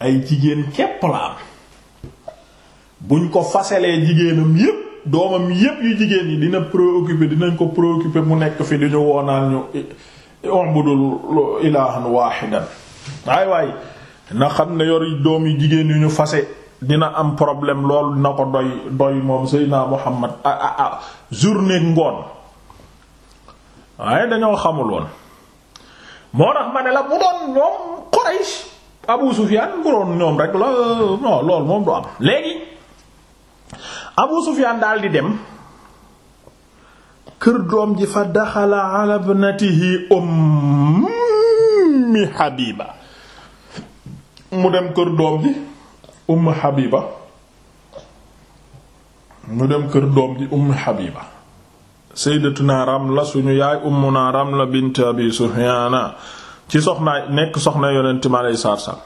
ay jigéen képp la am buñ ko faselee jigéenam yépp doomam yépp yu jigéen yi dina préoccupé dinañ ko préoccupé mu nekk fi di ñu woonaan ñu ubudul ilahan wahidan waay waay na xam ne yor doom yi jigéen yu ñu fase dina am problème loolu dina ko doy doy moom Seydina Muhammad ah ah ah journée ngoon waaye dañoo xamuloon moo tax ma ne la bu doon ñoom Quraysh Abu Sufyan bu ñoom rek la moom du am léegi abu sufiyaan daal di dem kër doom ji fa daxala ala ibnatihi ummi habiba mu dem kër doom ji ummi habiba mu dem kër doom ji ummi habiba sayyidatuna ramla suñu yaay ummuna ramla bint abi sufyaana ci soxnaay nekk soxna yonent ma lay saar saar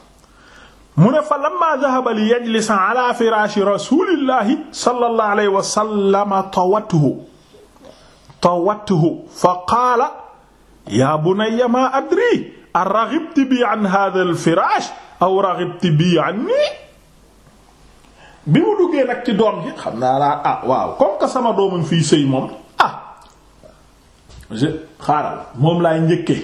mu ne fa lamma dahaba li yajlisa ala firaashi rasulillahi sallallahu alayhi wa sallam tawathu tawathu fa qaala yaa bunayya maa adri araghibti bi an hadha al-firaash aw raghibti bi anni bi mu duggee nag ci doom ji xam naa laa ah waaw comme que sama doomam fii sëy moom ah je xaaral moom laay njëkkee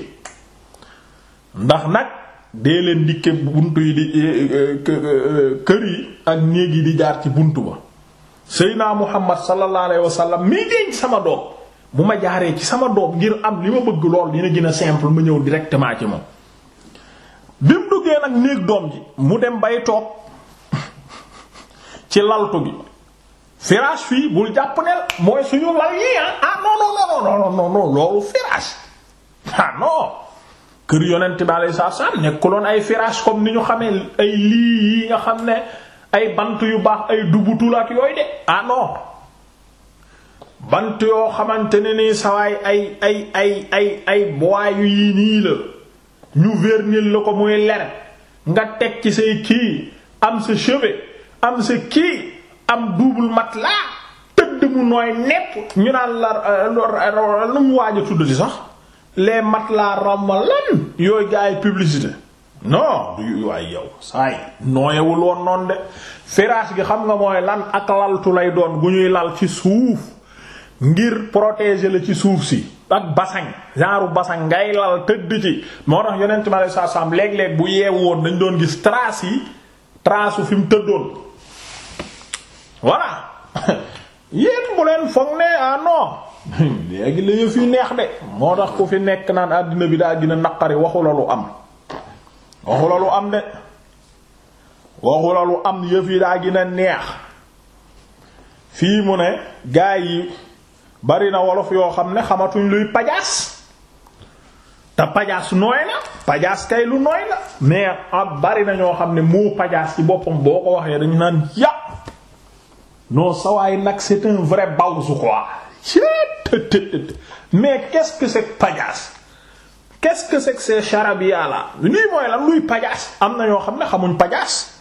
ndax nag dee leen dikke bunt yi di eh, eh, eh, kër yi ak néeg yi di jaar ci bunt ba naa muhammad sallallahu alayhi wasallam mii denc sama doom bu ma jaaree ci sama doom ngir am li ma bëgg lool dina gën a simple ma ñëw directement ci moom bi mu duggee nag néeg doom ji mu dem bay toog ci laltu bi firage fii bul jàpp ne mooy suñu lal yi ah ah non non non loolu firage ah kër yonent bi alayhi salaam nekkuloon ay firage comme ni ñu xamee ay lii yi nga xam ne ay bant yu baax ay dubutul ak yooyu de ah bant yoo xamante ne ni sawaay ay ay ay ay ay boyau yi nii la ñu vernil la ko muy ler nga teg ci say kii am sa chevet am sa kii am double matelas tëdd mu nooy nepp ñu naan la euh, lu mu waaj tudd ci sax. les matelas ramalan yooyu gaa yi publicité non du waay yow saay nooyewul woon noonu de firaas gi xam nga mooy lan ak laltu lay doon bu ñuy lal ci suuf ngir protéger la ci suuf si ak basan genre basan ngay lal tëdd ci moo tax yonent mi alayhi salaam léeg-léeg bu yeewu woon dañ doon gis trace yi trace su tëddoon voilà yéen bu leen foog ne ah non léegi la yëf yi neex de moo tax ku fi nekk naan àddina bi daa gën a naqari waxu la lu am waxu la lu am de waxu la lu am yëf yi daa gën neex fii mu ne gaa yi bari na wolof yoo xam ne xamatuñ luy pajaas te pajaas nooy na pajaas kay lu nooy la mais am bari na ñoo xam ne moo pajaas ci boppam boo ko waxee dañu naan yàpp non sawaay nag c'est un vrai bawsu mais qu'est-ce que c'est pajaas qu'est-ce que c'est que lii mooy lan luy pajaas am na ñoo xam ne xamuñ pajaas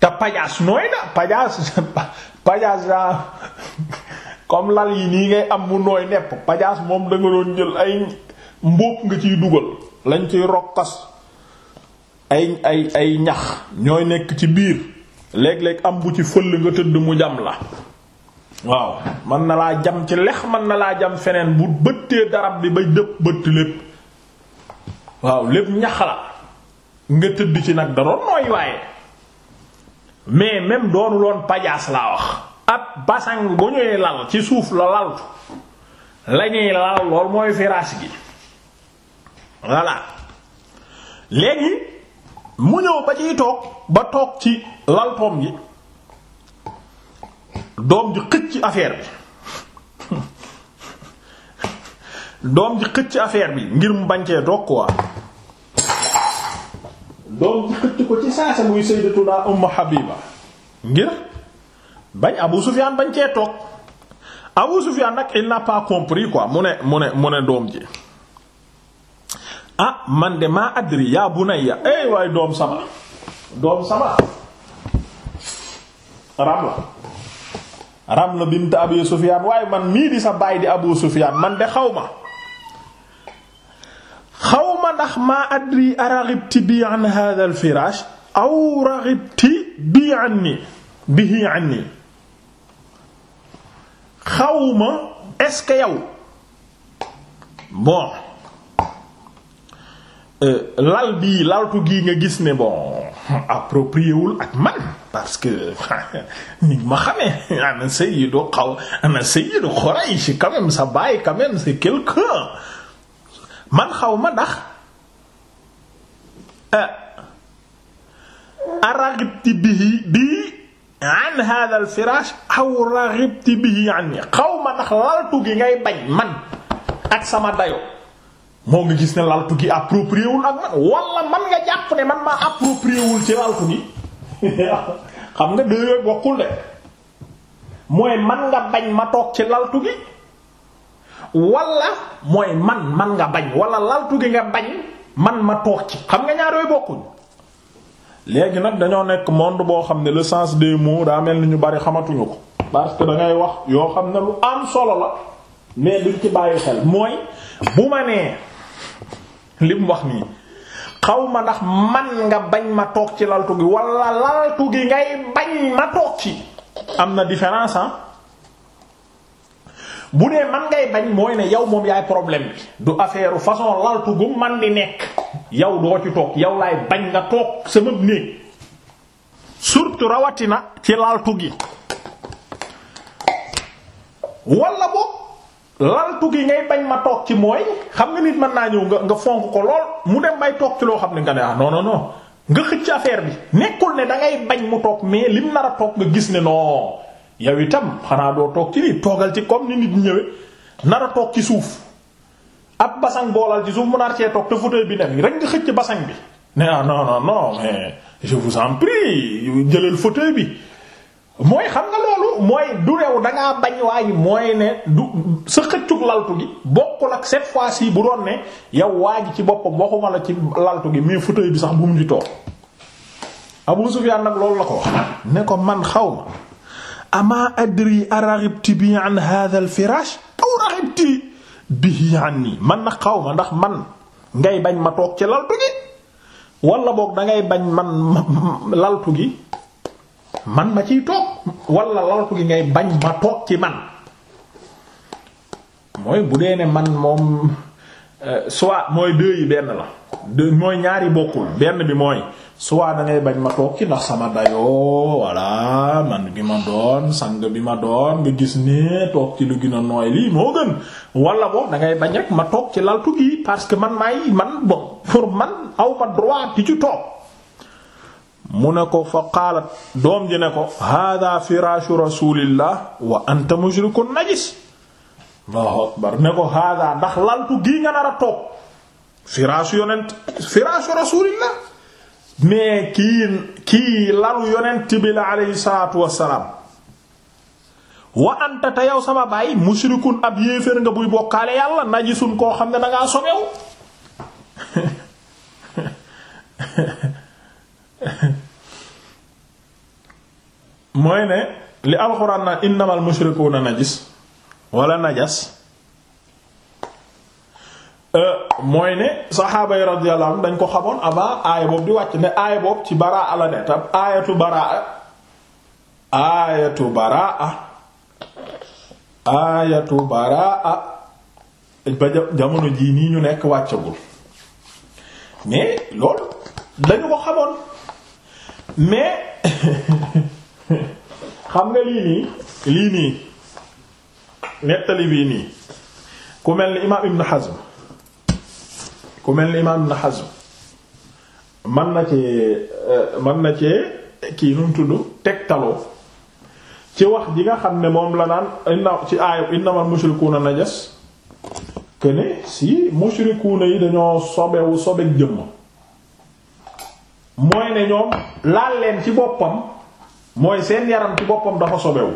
te pajaas nooy na pajaas pajaas daa comme lal yi nii ngay am mu nooy nepp pajaas moom da nga doon jël ay mbóob nga ciy dugal lañ ci rokkas ay ay ay ñax ñooy nekk ci biir léeg-léeg am bu ci fël nga tëdd mu jam la waaw mën na laa jam ci lex man na laa jam feneen bu bëttee darab bi ba dëpp bëtt lépp waaw lépp ñax la nga tëdd ci nag da doon waaye mais même doonu loon pajaas laa wax ab basang bu ñuy lal ci suuf la laltu lañuy lal lool mooy firaas gi voilà léegi mu ñëw ba ciy toog ba toog ci laltoom gi doom ji xëcc affaire bi doom ji xëcc affaire bi ngir mu bancee toog quoi doom ji xëcc ko ci saasa muy sayyidatuna Umm Habiba ngir bañ Abu Sufyan bancee toog Abu Sufyan nag il n'a pas compris mu ne mu ne mu ne doom ji ah man de maa adri yaa bunayya ey waaye doom sama doom sama rab la Ramla bint Abi Sufyaan waaye man mii di sa baay di Abu Sufyaan man de xaw ma xaw ma ndax maa adri araghibti bi an hadha firaash aw raghibti bi anni bihi anni xaw ma est-ce que yow bon Euh, lal bii laltu gii nga gis ne bon approprié wul ak man parce que ni ma xamee ana sayyidu xaw ana sayyidu Quraysh quand même sa baay quand même c'est quelqu'un man xaw ma ndax euh, araghibti bihi bi an hadha al firaash aw raghibti bihi anni xaw ma ndax laltu gi ngay bañ man ak sama dayo moo nga gis ne laltu gi approprié wul ak man wala man nga jàpp ne man maa approprié wul ci laltu gi xam nga deux yooyu bokkul de mooy man nga bañ ma toog ci laltu gi mooy man man nga bañ wala laltu nga bañ man ma toog ci xam nga ñaar yooyu bokkuñ léegi nag dañoo nekk monde boo xam ne la sens des mots daa mel ni ñu bari xamatuñu ko parce que da wax yoo xam ne lu am solo la mais duñ ci bàyyi xel mooy bu ma nee li wax nii xaw ma ndax man nga bañ ma toog ci laltu gi wala laltu gi ngay bañ ma toog ci am na différence bu dee man ngay bañ mooy ne yow moom yaay problème bi du affaire façon laltu gu man di nekk yow doo ci toog yow laay bañ nga toog sama néeg surtout rawatina ci laltu gi wala boog laltu gi ngay bañ ma toog ci mooy xam nga nit mën naa ñëw nga nga fonk ko lool mu dem bay toog ci loo xam ne nga ne ah non non non affaire bi nekkul ne da bañ mu toog mais lim nar a toog nga gis ne non yow itam xanaa doo toog ci lii toogal ci comme ni nit nar a toog ci suuf ab basang boolal ci suuf mu nar cee toog te fauteuil bi nekk rek nga xëcc basang bi ne ah non non vous en prie jëlal fauteuil bi. mooy xam nga loolu mooy du rew da ngaa bañ waaye mooy ne du sa xëccug laltu gi bokkul ak set fois ci bu doon ne yow waa ngi ci boppam waxuma la ci laltu gi mais fauteuil bi sax bu mu ci toog Abu Sufyaan nag loolu la ko wax ne ko man xaw ma ama adri araghibti bi an hadha al firaash aw man na xaw ma ndax man ngay bañ ma toog ci laltu gi wala boog dangay bañ man laltu gi man ma ciy toog wala laltu gi ngay bañ ma toog ci man mooy bu dee ne man moom euh, soit mooy deux benn la deux mooy ñaari bokkul benn bi mooy soit da bañ ma toog ci ndax sama dayoo walla man bi ma doon sang bi ma doon nga gis ni toog ci lu gën a nooy lii moo gën wala boog da bañ rek ma toog ci laltu gi parce que man maay man bon pour man aw ma droit di ci toog. mu ne ko fa qaalat doom ji ne ko hada firaashu rasulillah wa anta mushrikun najis allahu akbar ne ko hada ndax laltu gii nga nar a toog firaashu yonent firaashu rasulillah mais kii kii lalu yonent bi la aleyhi salaatu wassalaam wa anta te yow sama baay mushrikun ab yéeféer nga buy bokkaale yàlla najisun koo xam ne dangaa sobewu mooy ne li alxuraan naan innamal mushrikuuna najis wala najas euh, mooy ne saxaaba yi radiyallahu anhum dañ ko xamoon avant aaya boobu di wàcc ne aaya boobu ci baraa la ne tam aayatu baraa aayatu baraa aayatu baraa ba jamono jii nii ñu nekk wàccagul mais loolu dañu ko xamoon mais xam nga lii nii lii nii nettali bii nii ku mel ni imaam Ibn Hazm ku mel ni imaam Ibn Hazm man na ci euh, mën na cee kii nu mu tudd tegtaloo ci wax ji nga xam ne moom la naan inna ci aaya innamal mushrikuuna najas que ne si mushrikuuna yi dañoo sobewu sobeek jëmm mooy ne ñoom laal leen ci boppam mooy seen yaram ci boppam dafa sobewu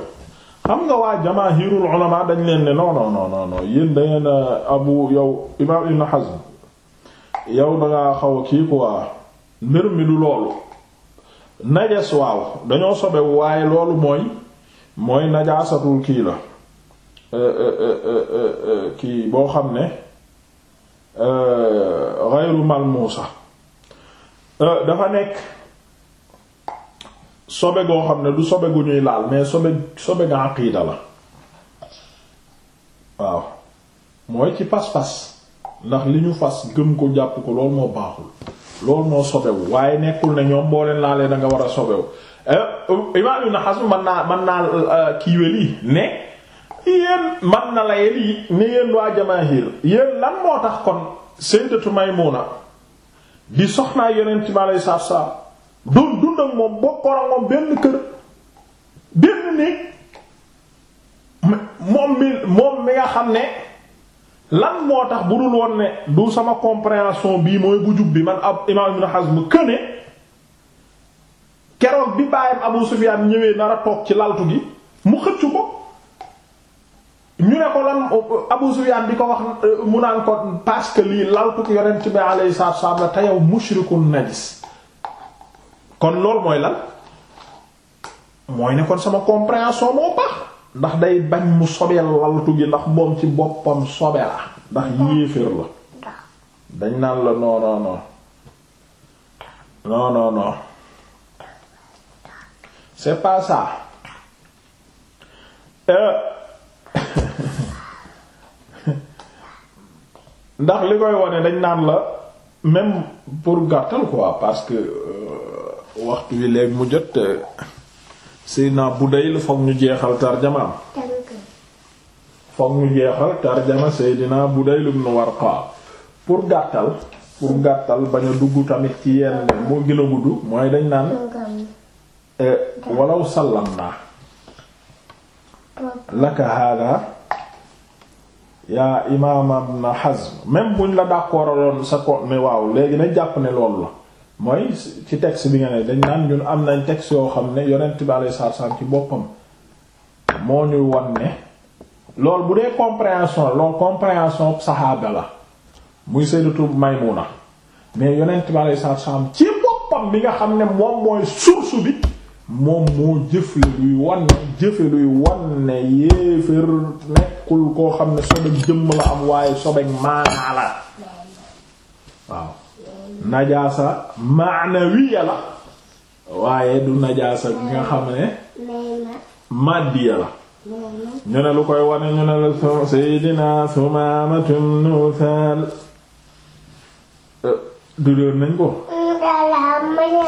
xam nga waa jamaahirul ulama dañ leen ne non non non non yéen da ngeen abu yow imam ibn Hazm yow da ngaa xaw a kii quoi mbir mi du loolu najas waaw dañoo sobewu waaye loolu mooy mooy najaasatul kii la kii boo xam ne ghayru malmuusa Euh, dafa nekk sobe goo xam ne du sobe gu ñuy laal mais sobe sobe nga aqiida la waaw mooy ci pas-pas ndax li ñu fas gën ko jàpp ko loolu moo baaxul loolu moo sobewu waaye nekkul ne ñoom boo leen laalee da nga war a sobewu euh, imaam Ibn Hazm man naa man naa euh, kiiwe lii ne yéen man na la lii ne yéen waa jamaahir yéen lan moo tax kon Sayyidatu Maymuna di soxnaa yonent bi aleyhi salaatu salaam doon dund moom bokkoon ak moom benn kër benn néeg moom mi moom mi nga xam ne lan moo tax bu dul woon ne du sama compréhension bii mooy bu jub bi man ab imaam Ibn Hazm këne keroog bi baayam Abu Sufyaan ñëwee nar toog ci laltu gi mu xëccu ko ñu ne ko lan Abu Sufyaan di ko wax mu naan ko parce que lii laltuk yonent bi alayhi salaatu wa salaam la te yow mushrikun najis kon loolu mooy lan mooy ne kon sama compréhension moo baax ndax day bañ mu sobeel laltu gi ndax moom ci boppam sobe la ndax yéeféer la dañ naan la non non non non c'est pas ndax li koy wane dañ naan la même pour gàttal quoi parce que euh, waxtu yi léegi mu jot Seydina Budayl fokk ñu jeexal tarjamaam fokk ñu jeexal tarjama Seydina Budayl ibn Warqa pour gàttal pour gàttal bañ dugg tamit ci yenn moo gën a gudd mooy dañ naan euh, walaw sallam naa laka hada yaa imaam Ibn Hazm même buñ la d'accord doon sa ko mais waaw léegi nañ jàpp ne loolu la mooy ci texte bi nga ne dañ naan ñun am nañ texte yoo xam ne yonent bi saa salaam ci boppam moo ñuy wan ne loolu bu dee compréhension loolu compréhension la muy Sayyidatu Maymuna mais yonent bi alayhi salaam ci boppam bi nga xam ne moom mooy source bi moom moo jëfle luy wan jëfe luy wan ne nekkul koo xam ne sobeg jëmm la am waaye sobeg maanaa la waaw najaasa maanawiya la waaye du najaasa bi nga xam ne màddiya la ñu ne lu koy wane ñu ne la Seydina Sumaamatum Nusaal du doon nañ ko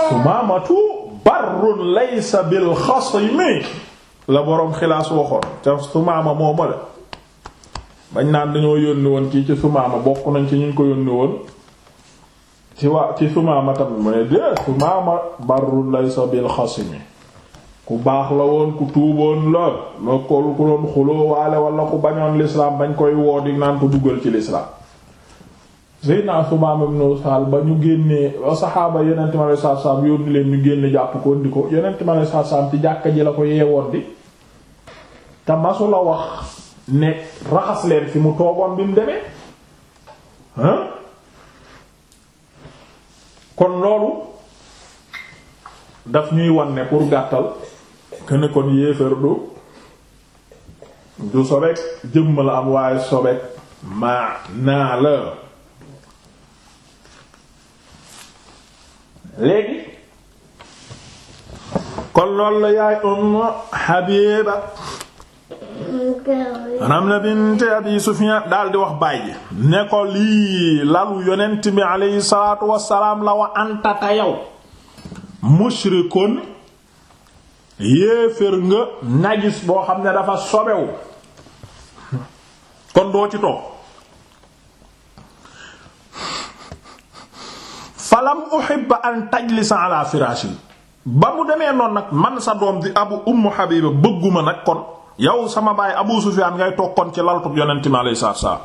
Sumaamatu barrun laysa bil xasimi la boroom xilaas waxoon ca sumaama mooma la bañ naan dañoo yónni woon kii ci sumaama bokk nañ ci ñu ko yónni woon ci waa ci sumaama tamit mu ne dee sumaama barrun laysa bil xasimi ku baax la woon ku tuuboon la loo ko ku doon xuloo waale wala ku bañoon lislaam bañ koy woo di naan ko duggal ci lislaam Seydina Sumaam ibn Sahl ba ñu génnee saxaaba yonent mi alayhi salaatu salaam yónni leen ñu génne jàpp ko indi ko yonent mi alayhi salaatu salaam ci jàkka ji la ko yeewoon di te la wax ne raxas fi mu toogoon bi mu demee hein kon loolu daf ñuy wan ne pour gàttal këne kon yéeféer du du sobeek jëmm la am waaye sobeek maa naa la léegi kon loolu la yaay Umm Habiba Ramla bint Abi Sufyan wax bàyyi ne ko lii lalu yonent bi aleyhi salaatu wassalaam la wa anta ta yow mushrikun yéefér nga najis boo xam ne dafa sobewu kon doo ci toog falam uhibba an tajlisa ala firaashi ba mu demee noonu nag man sa doom di abu ummu habiba bëgguma nag kon yow sama baay abu sufiyaan ngay toog kon ci laltub yonent mi alayhi salaatu salaam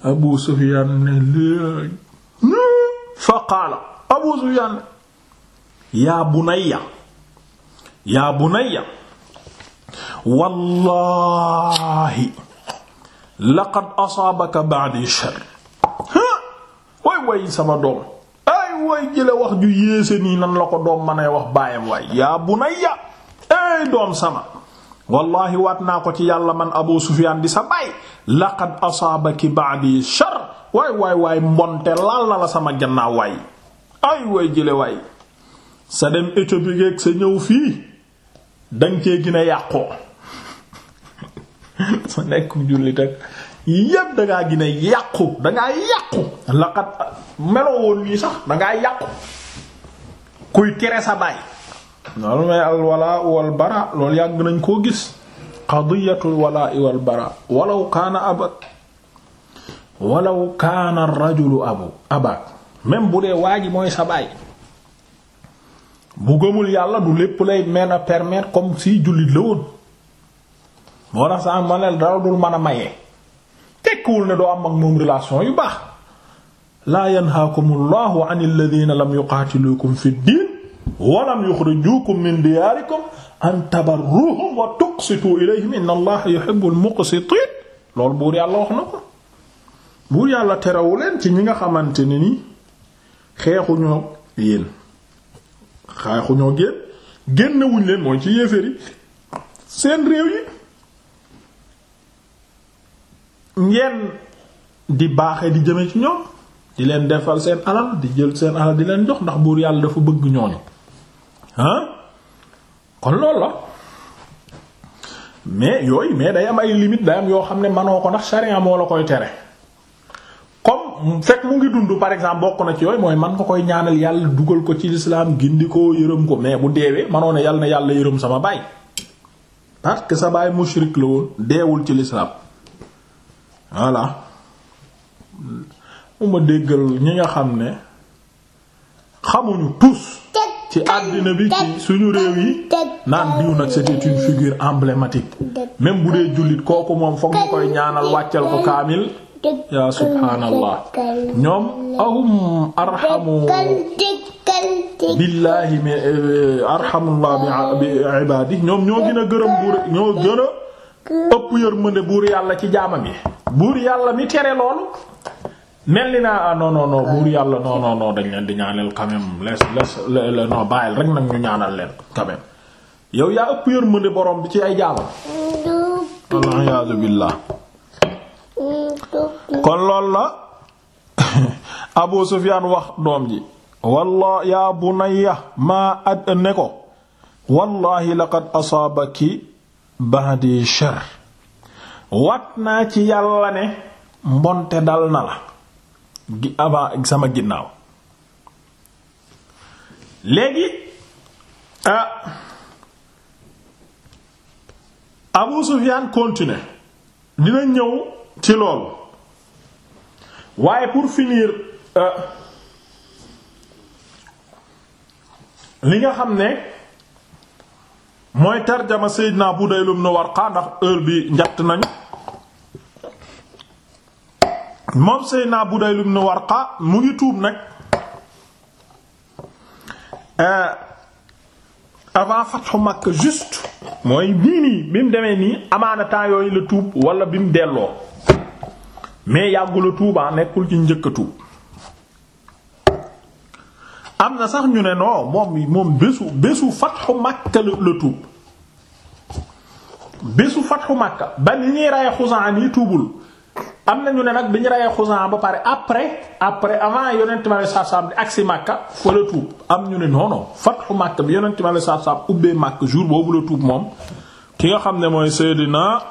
abu sufiyaan ne léegi fa qaala abu sufiyaan yaa bunayya yaa bunayya wallaahi laqad asaabaka ba'di shar way way sama doom ay way jële wax ju yéese nii nan la ko doom mën a wax baayam waay yaa bunayya ay doom sama wallahi waat naa ko ci yàlla man abu sufiyaan di sa baay laqad asaabaki ba'di shar waay waay mbonte laal na la sama gannaaw waay ay way jële waay sa dem Éthiopie geek sa ñëw fii danga cee gën a yàqoo sa nekkum jullit yépp da ngaa gën a yàqu da ngaa yàqu woon nii sax da yàqu kuy tere sa baay loolu may al walaa wal loolu yàgg nañ koo gis qadiyatul walaa wal bara walaw kaana abak walaw kaana rajulu abu abak même bu dee waa ji mooy sa baay bu gëmul yàlla du lépp lay mën a comme si jullit la woon moo tax sax manel dara dul mën a maye tekkiwul ne doo am ak moom relation yu baax laa yanhaakumu llahu an alladina lam yuqaatilukum fi ddin wa lam yuxrijukum min diyaarikum an tabarruhum wa tuqsitu ilayhim inna allaha yuhibbul muqsitin loolu buur yàlla wax ci ñi nga xamante ne ni xeexuñoo yéen génn génnewuñ leen mooy ci yéeféer seen réew yi ngeen di baaxe di jëme ci ñoom di leen defal seen alal di jël seen alal di leen jox ndax buur yàlla dafa bëgg ñooñu ah kon loolu la mais yooyu mais day am ay limite day am yoo xam ne manoo ko ndax sharia moo la koy tere comme fekk mu ngi dund par exemple bokk na ci yooy mooy man ko koy ñaanal yàlla dugal ko ci lislaam gindi ko yërëm ko mais bu deewee manoo ne yàlla na yàlla yërëm sama baay parce que sa baay mushrik la woon deewul ci lislaam voilà mu ma déggal ñi nga xam ne xamuñu tous ci àddina bi ci suñu réew yi naan diw nag c'était une figure emblématique même bu dee jullit kooku moom fokk ñu koy ñaanal wàccal ko kaamil yaa subhaanallah ñoom ahum arhamu billaahi euh, arhamullah bi ibaadi ñoom ñoo gën a gërëm bu ñoo gën a ëpp yërmande buur yàlla ci jaamam yi buur yàlla mi tere loolu mel ni naa ah non non buur yàlla non non non dañ leen di ñaanal quand même les les non bàyyil rek nag ñu ñaanal leen quand yow yaa ëpp yërmande borom bi ci ay jaamam. alhamdulilah billah kon loolu la Abu Sufyan wax doom ji. walla yaa bunayya maa ad ne ko. wallaahi laqad asaabaki ba'di shar wat naa ci yàlla ne mbonte dal na la gi avant sama ginnaaw léegi ah Abu Sufyan continue dina ñëw ci loolu waaye pour finir ah, li nga xam ne mooy tarjama Seydina Budayl ibn Warqa ndax heure bi njatt nañu moom Seydina Budayl ibn Warqa mu ngi tuub nag euh, avant fathu Makka juste mooy nii nii bi mu demee nii amaana temps yooyu la tuub wala bi mu delloo mais yàggu la tuubaa nekkul ci njëkk tuub am na sax ñu ne non moom moom bésu bésu fatxu Makka la la tuub bésu fatxu Makka ba ni ñuy rey Xuzaan yi tuubul am na ñu ne nag bi ñu rey Xuzaan ba pare après après avant yonent ma saa saam di agsi Makka fa la tuub am ñu ne non non fatxu Makka bi yonent ma saa saam ubbee Makka jour boobu la tuub moom ki nga xam ne mooy Seydina.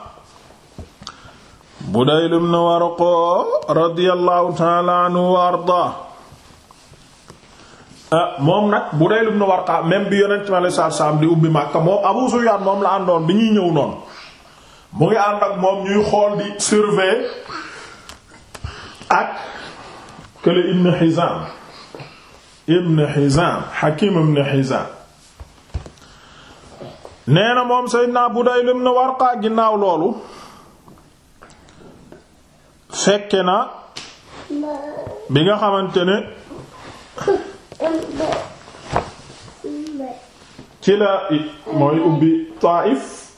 Budayl ibn Warqa radiyallahu ta'ala anhu wa ardaa Ah, moom nag bu dee lu mu warqa même bi yonent ma la saar saam di ubbi Makka moom Abu Sufyaan moom la àndoon bi ñuy ñëw noonu mu ngi ànd ak moom ñuy xool di surveiller ak kële Ibn Hizaam Ibn Hizaam Hakim Ibn Hizaam nee na moom Seydina Budayl ibn Warqa ginnaaw loolu fekke na bi nga xamante ne ci la mooy ubbi Taif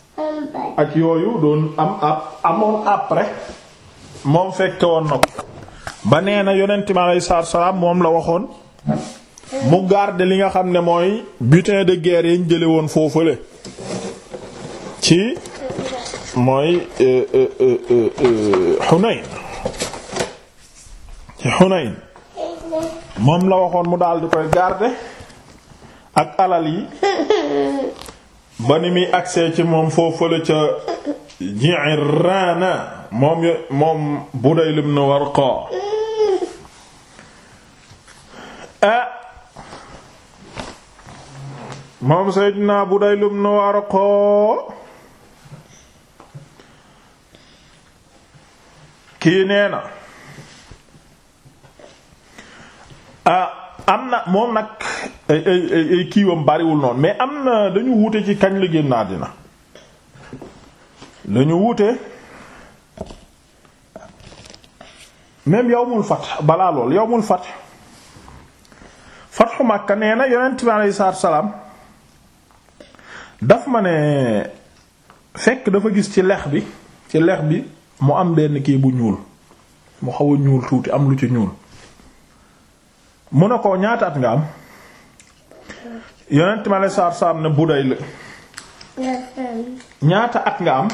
ak yooyu doon am ab amoon après moom fekke woon na ko ba nee na yonent mi aleyhi salaam moom la waxoon mu garde li nga xam ne mooy butin de guerre yi ñu jële woon foofule ci mooy euh, euh, euh, Hunayn ci Hunayn moom la waxoon mu daal di koy garder ak alal yi ba ni muy agsee ci moom foofale ca Ji'rana moom moom Budayl ibn Warqa ah moom Seydina Budayl ibn Warqa kii nee na Ah, am na moom nag kiiwam bariwul noonu mais am na dañu wuute ci kañ la génn àddina dañu wuute même yawmul fath balaa lool yawmul fath fathu Makka nee na yonent bi alayhi salaatu salaam daf ma ne fekk dafa gis ci lex bi ci lex bi mu am benn kii bu ñuul mu xaw a ñuul tuuti am lu ci ñuul mu ne ko ñaata at nga am yonent ma lay saar saar ne Budayl ñaata at nga am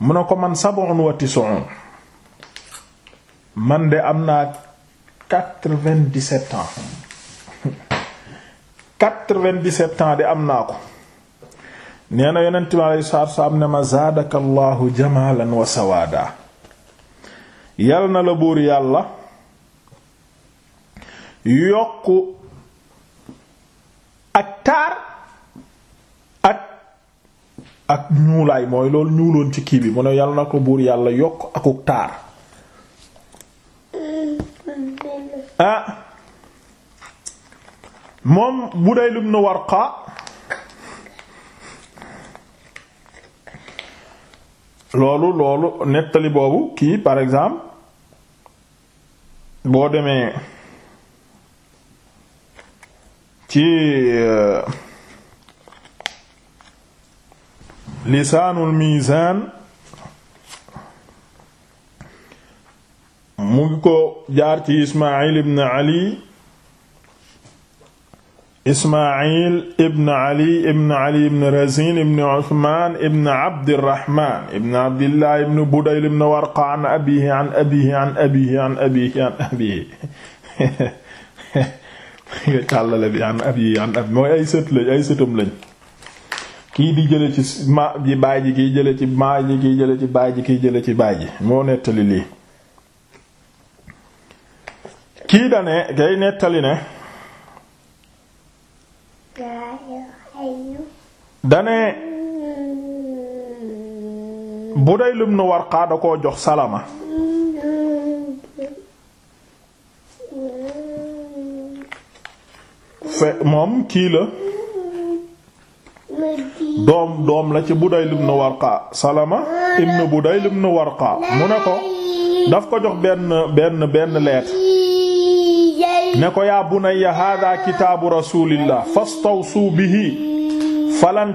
mu ne ko man sab'un man de am naa quatre-vingt-dix-sept ans quatre-vingt-dix-sept ans de am naa ko nee na yonent mi alayhi salaatu salaam ne ma zaadaka allahu jamalan wa sawaada yal na la buur yàlla yokk ak taar ak ak ñuulaay mooy loolu ñuuloon ci kii bi mu ne yàlla na ko buur yàlla yokk akuk taar ah moom Budayl ibn Warqa loolu loolu nettali boobu kii par exemple boo demee ci eh, lisaanul mizaan mu ngi ko jaar ci ismail ibn ali ismail ibn ali ibn ali ibn razin ibn uthman ibn abdirahman ibn abdillah ibn budayl ibn warqa an abihi an abihi an abihi an abihi an abihi nga càllale bi an ab yi an ab mooy ay sët lañ ay sëtam lañ kii di jële ci ma ji baay ji kiy jële ci maa ji kiy jële ci baay ji kiy jële moo nettali lii kii dane kay nettali ne dane Budayl ibn Warqa da koo jox Salama moom kii la doom doom la ci Budayl ibn Warqa Salama ibn Budayl ibn Warqa mu ne ko daf ko jox benn benn benn lettre ne ko yaa ya haadaa kitaabu rasuulillah fastawsuu bihi falan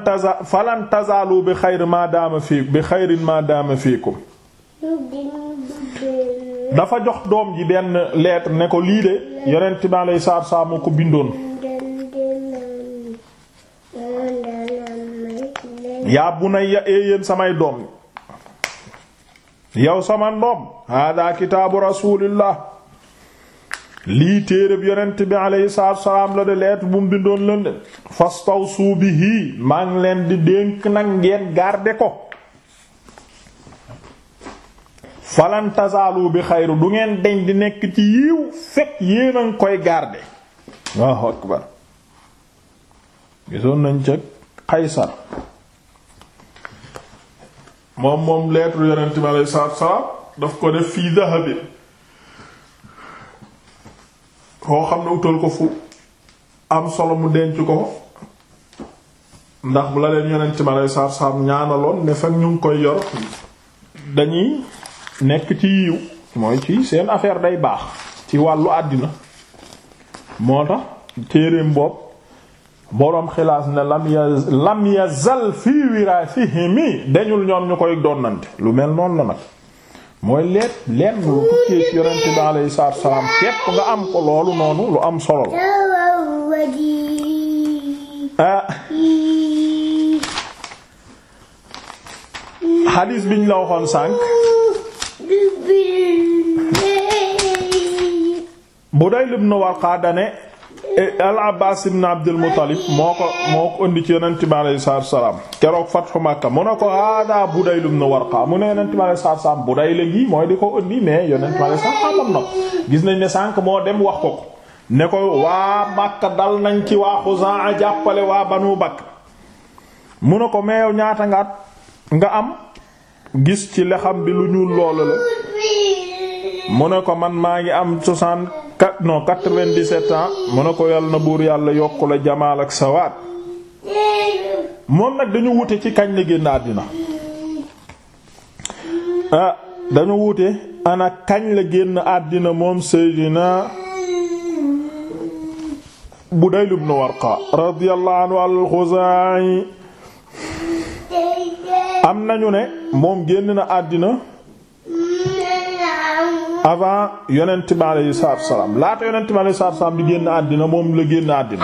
bi xayri ma fii bi xayrin ma daama fiikum dafa jox doom ji benn leet ne ko lii de yonent bi alayhi salaatu ko bindoon yaa bunayya yéen samay doom yow sama ndoom hada kitaabu rasulillah lii téeréb yonent bi aleyhi la de leet bu mu bindoon leen de fastawsu bihi maa ngi leen di dénk nag ngeen garde ko falan tazaalu bi xayru du ngeen deñ di nekk ci yiw fekk yéen ngi koy garde waaw akbar gisoon nañ ca Qaysar moom moom lettre yonent bi aleyhi salaatu salaam daf ko def fii dahabi koo xam ne utal ko fu am solo mu denc ko ndax bu la leen yonent bi aleyhi salaatu salaam ñaanaloon ne fekk ñu ngi koy yor dañuy nekk ci yiw mooy ci seen affaire day baax ci wàllu àddina moo tax téereem bopp boroom xilaas ne lam ya lam yazal fii wiraasihimi dañul ñoom ñu koy donnante lu mel noonu la nag mooy leet lenn lu tukkee ci yonent bi am ko loolu noonu lu am solo la xadiis ah. biñ la waxoon sànq bu day lib na warqaa dane E, al abbaas ibn abdul muttalib moo ko moo ko indi ci yonent bi alayhi salaatu wassalaam keroog fatxu makka mu ne ko hàdda budayl ibn warqa mu ne yonent bi alayhi salaatu wassalaam ngi mooy di ko indi mais yonent bi alayhi salaatu wassalaam na gis nañ ne sànk moo dem wax ko ne ko waa makka dal nañ ci waa xuzaa jàppale waa banu bakk mu ne ko meew ñaata nga at am gis ci lexam bi lu ñuul loolu la mu ne ko man maa ngi am soixante kat non quatre-vingt-dix-sept ans mu ne ko yàlla na buur yàlla yokk la jamaal ak sawaat moom nag dañu wute ci kañ la génn àddina ah, dañu wute ana kañ la génn àddina moom Seydina Budayl ibn Warqa radiyallahu anhu al-Khuzai am nañu ne moom génn na àddina avant yonent bi alayhi salaatu salaam laata yonent bi alayhi salaatu salaam di génn àddina moom la génn àddina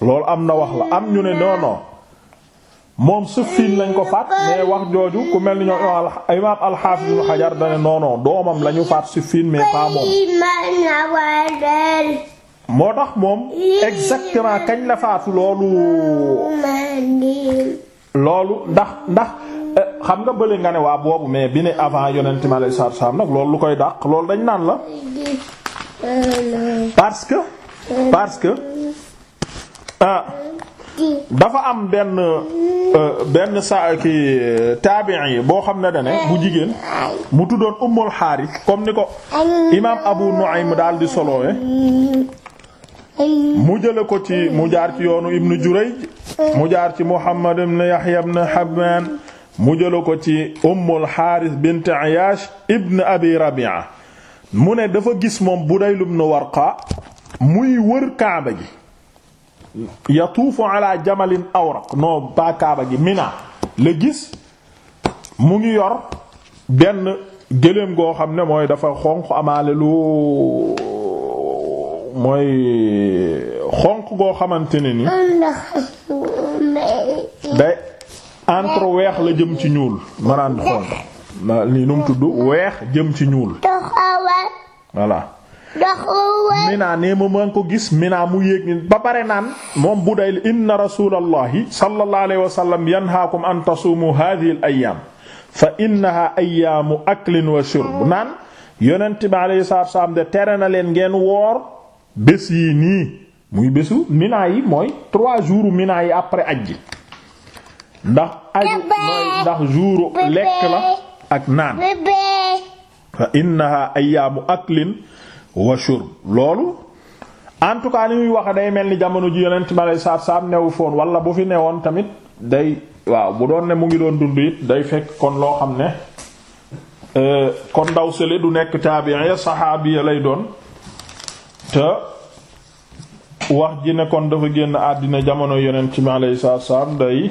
loolu am na wax la am ñu ne non moom Siffin lañ ko faat mais wax jooju ku mel ni ñoom imaam al-Hafiz Ibn Hajar da ne non non doomam la faat Siffin mais pas moom. moo tax moom exactement kañ la faatu loolu. loolu ndax ndax. Eh, xam nga bële nga ne waa boobu mais bi ne avant yonent mi alayhi salaatu salaam nag loolu lu koy dàq loolu dañ naan la parce que parce que ah, dafa am benn euh, benn saa ki taabi'i yi boo xam ne dane bu jigéen mu tuddoon Ummul Haaris comme ni ko imaam Abu Nu'aym daal di solowee mu jële ko ci mu jaar ci yoonu Ibn Jurayj mu jaar ci Muhammad ibn Yahya ibn Habban mu jëla ko ci ummul xaaris bint Ayaash ibn abi Rabia mu ne dafa gis moom Budayl ibn Warqa muy wër kaaba gi yatuufu ala jamalin awraq noo ba kaaba gi Mina la gis mu ngi yor benn gëléem goo xam ne mooy dafa xonq amaale lu mooy xonq goo xamante ne entre weex la jëm ci ñuul ma naan xool na lii tudd weex jëm ci ñuul mina minaa ma maa ko gis minaa mu yéeg ba pare naan moom bu inna rasulallahi sallallahu alayhi wa sallam yanhaakum an tasuumu hadhihi al fa innaha ayyaamu aklin wa shurb naan yonent bi alayhi salaam de tere na leen ngeen woor bés yi nii muy bésu minaa yi mooy trois jours minaa yi après ajji ndax aju ndax jour lekk la ak naan fa innaha ayaamu aklin wa shurb loolu en tout cas li muy wax day mel ni jamono ji yonent ma lay saab saab newu foon wala bu fi newoon tamit day waaw bu doon ne mu ngi doon dund it day fekk kon loo xam ne euh, kon ndaw sële du nekk taabi'i ya saxaabi lay doon te wax ji ne kon dafa génn àddina jamono yonent ma saab saab day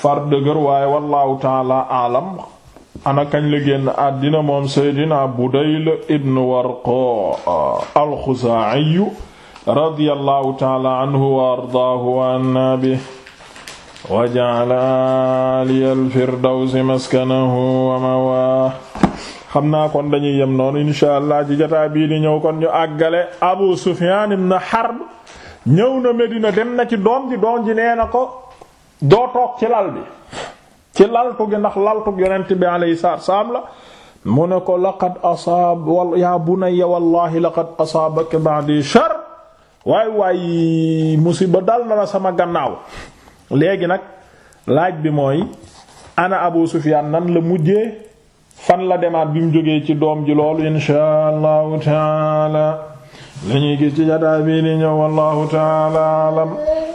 far dëgër waaye wallahu taala aalam ana kañ la génn àddina moom seydina budayl ibn warqa alxuzaa'i radiyallahu taala anhu wa ardaahu wa anna bihi wa ja'ala aliyal firdawsi maskanahu wa mawaa xam naa kon dañuy yem noonu insha allah ci jataa kon ñu àggale abu sufyaan ibn harb ñëw na medina dem na ci doom ko doo toog ci lal bi ci laltu gi ndax laltu gi yonent bi alayhi salaam la mu ne ko laqad asaab wal yaa bunayya wallahi laqad asaabaka ba'di shar waay waay musiba dal na la sama gannaaw léegi nag laaj bi mooy ana Abu Sufyaan nan la mujjee fan la demaat bi mu jógee ci doom ji loolu inshaa allahu taala lañuy gis ci jataa bi di ñëw wallahu taala alam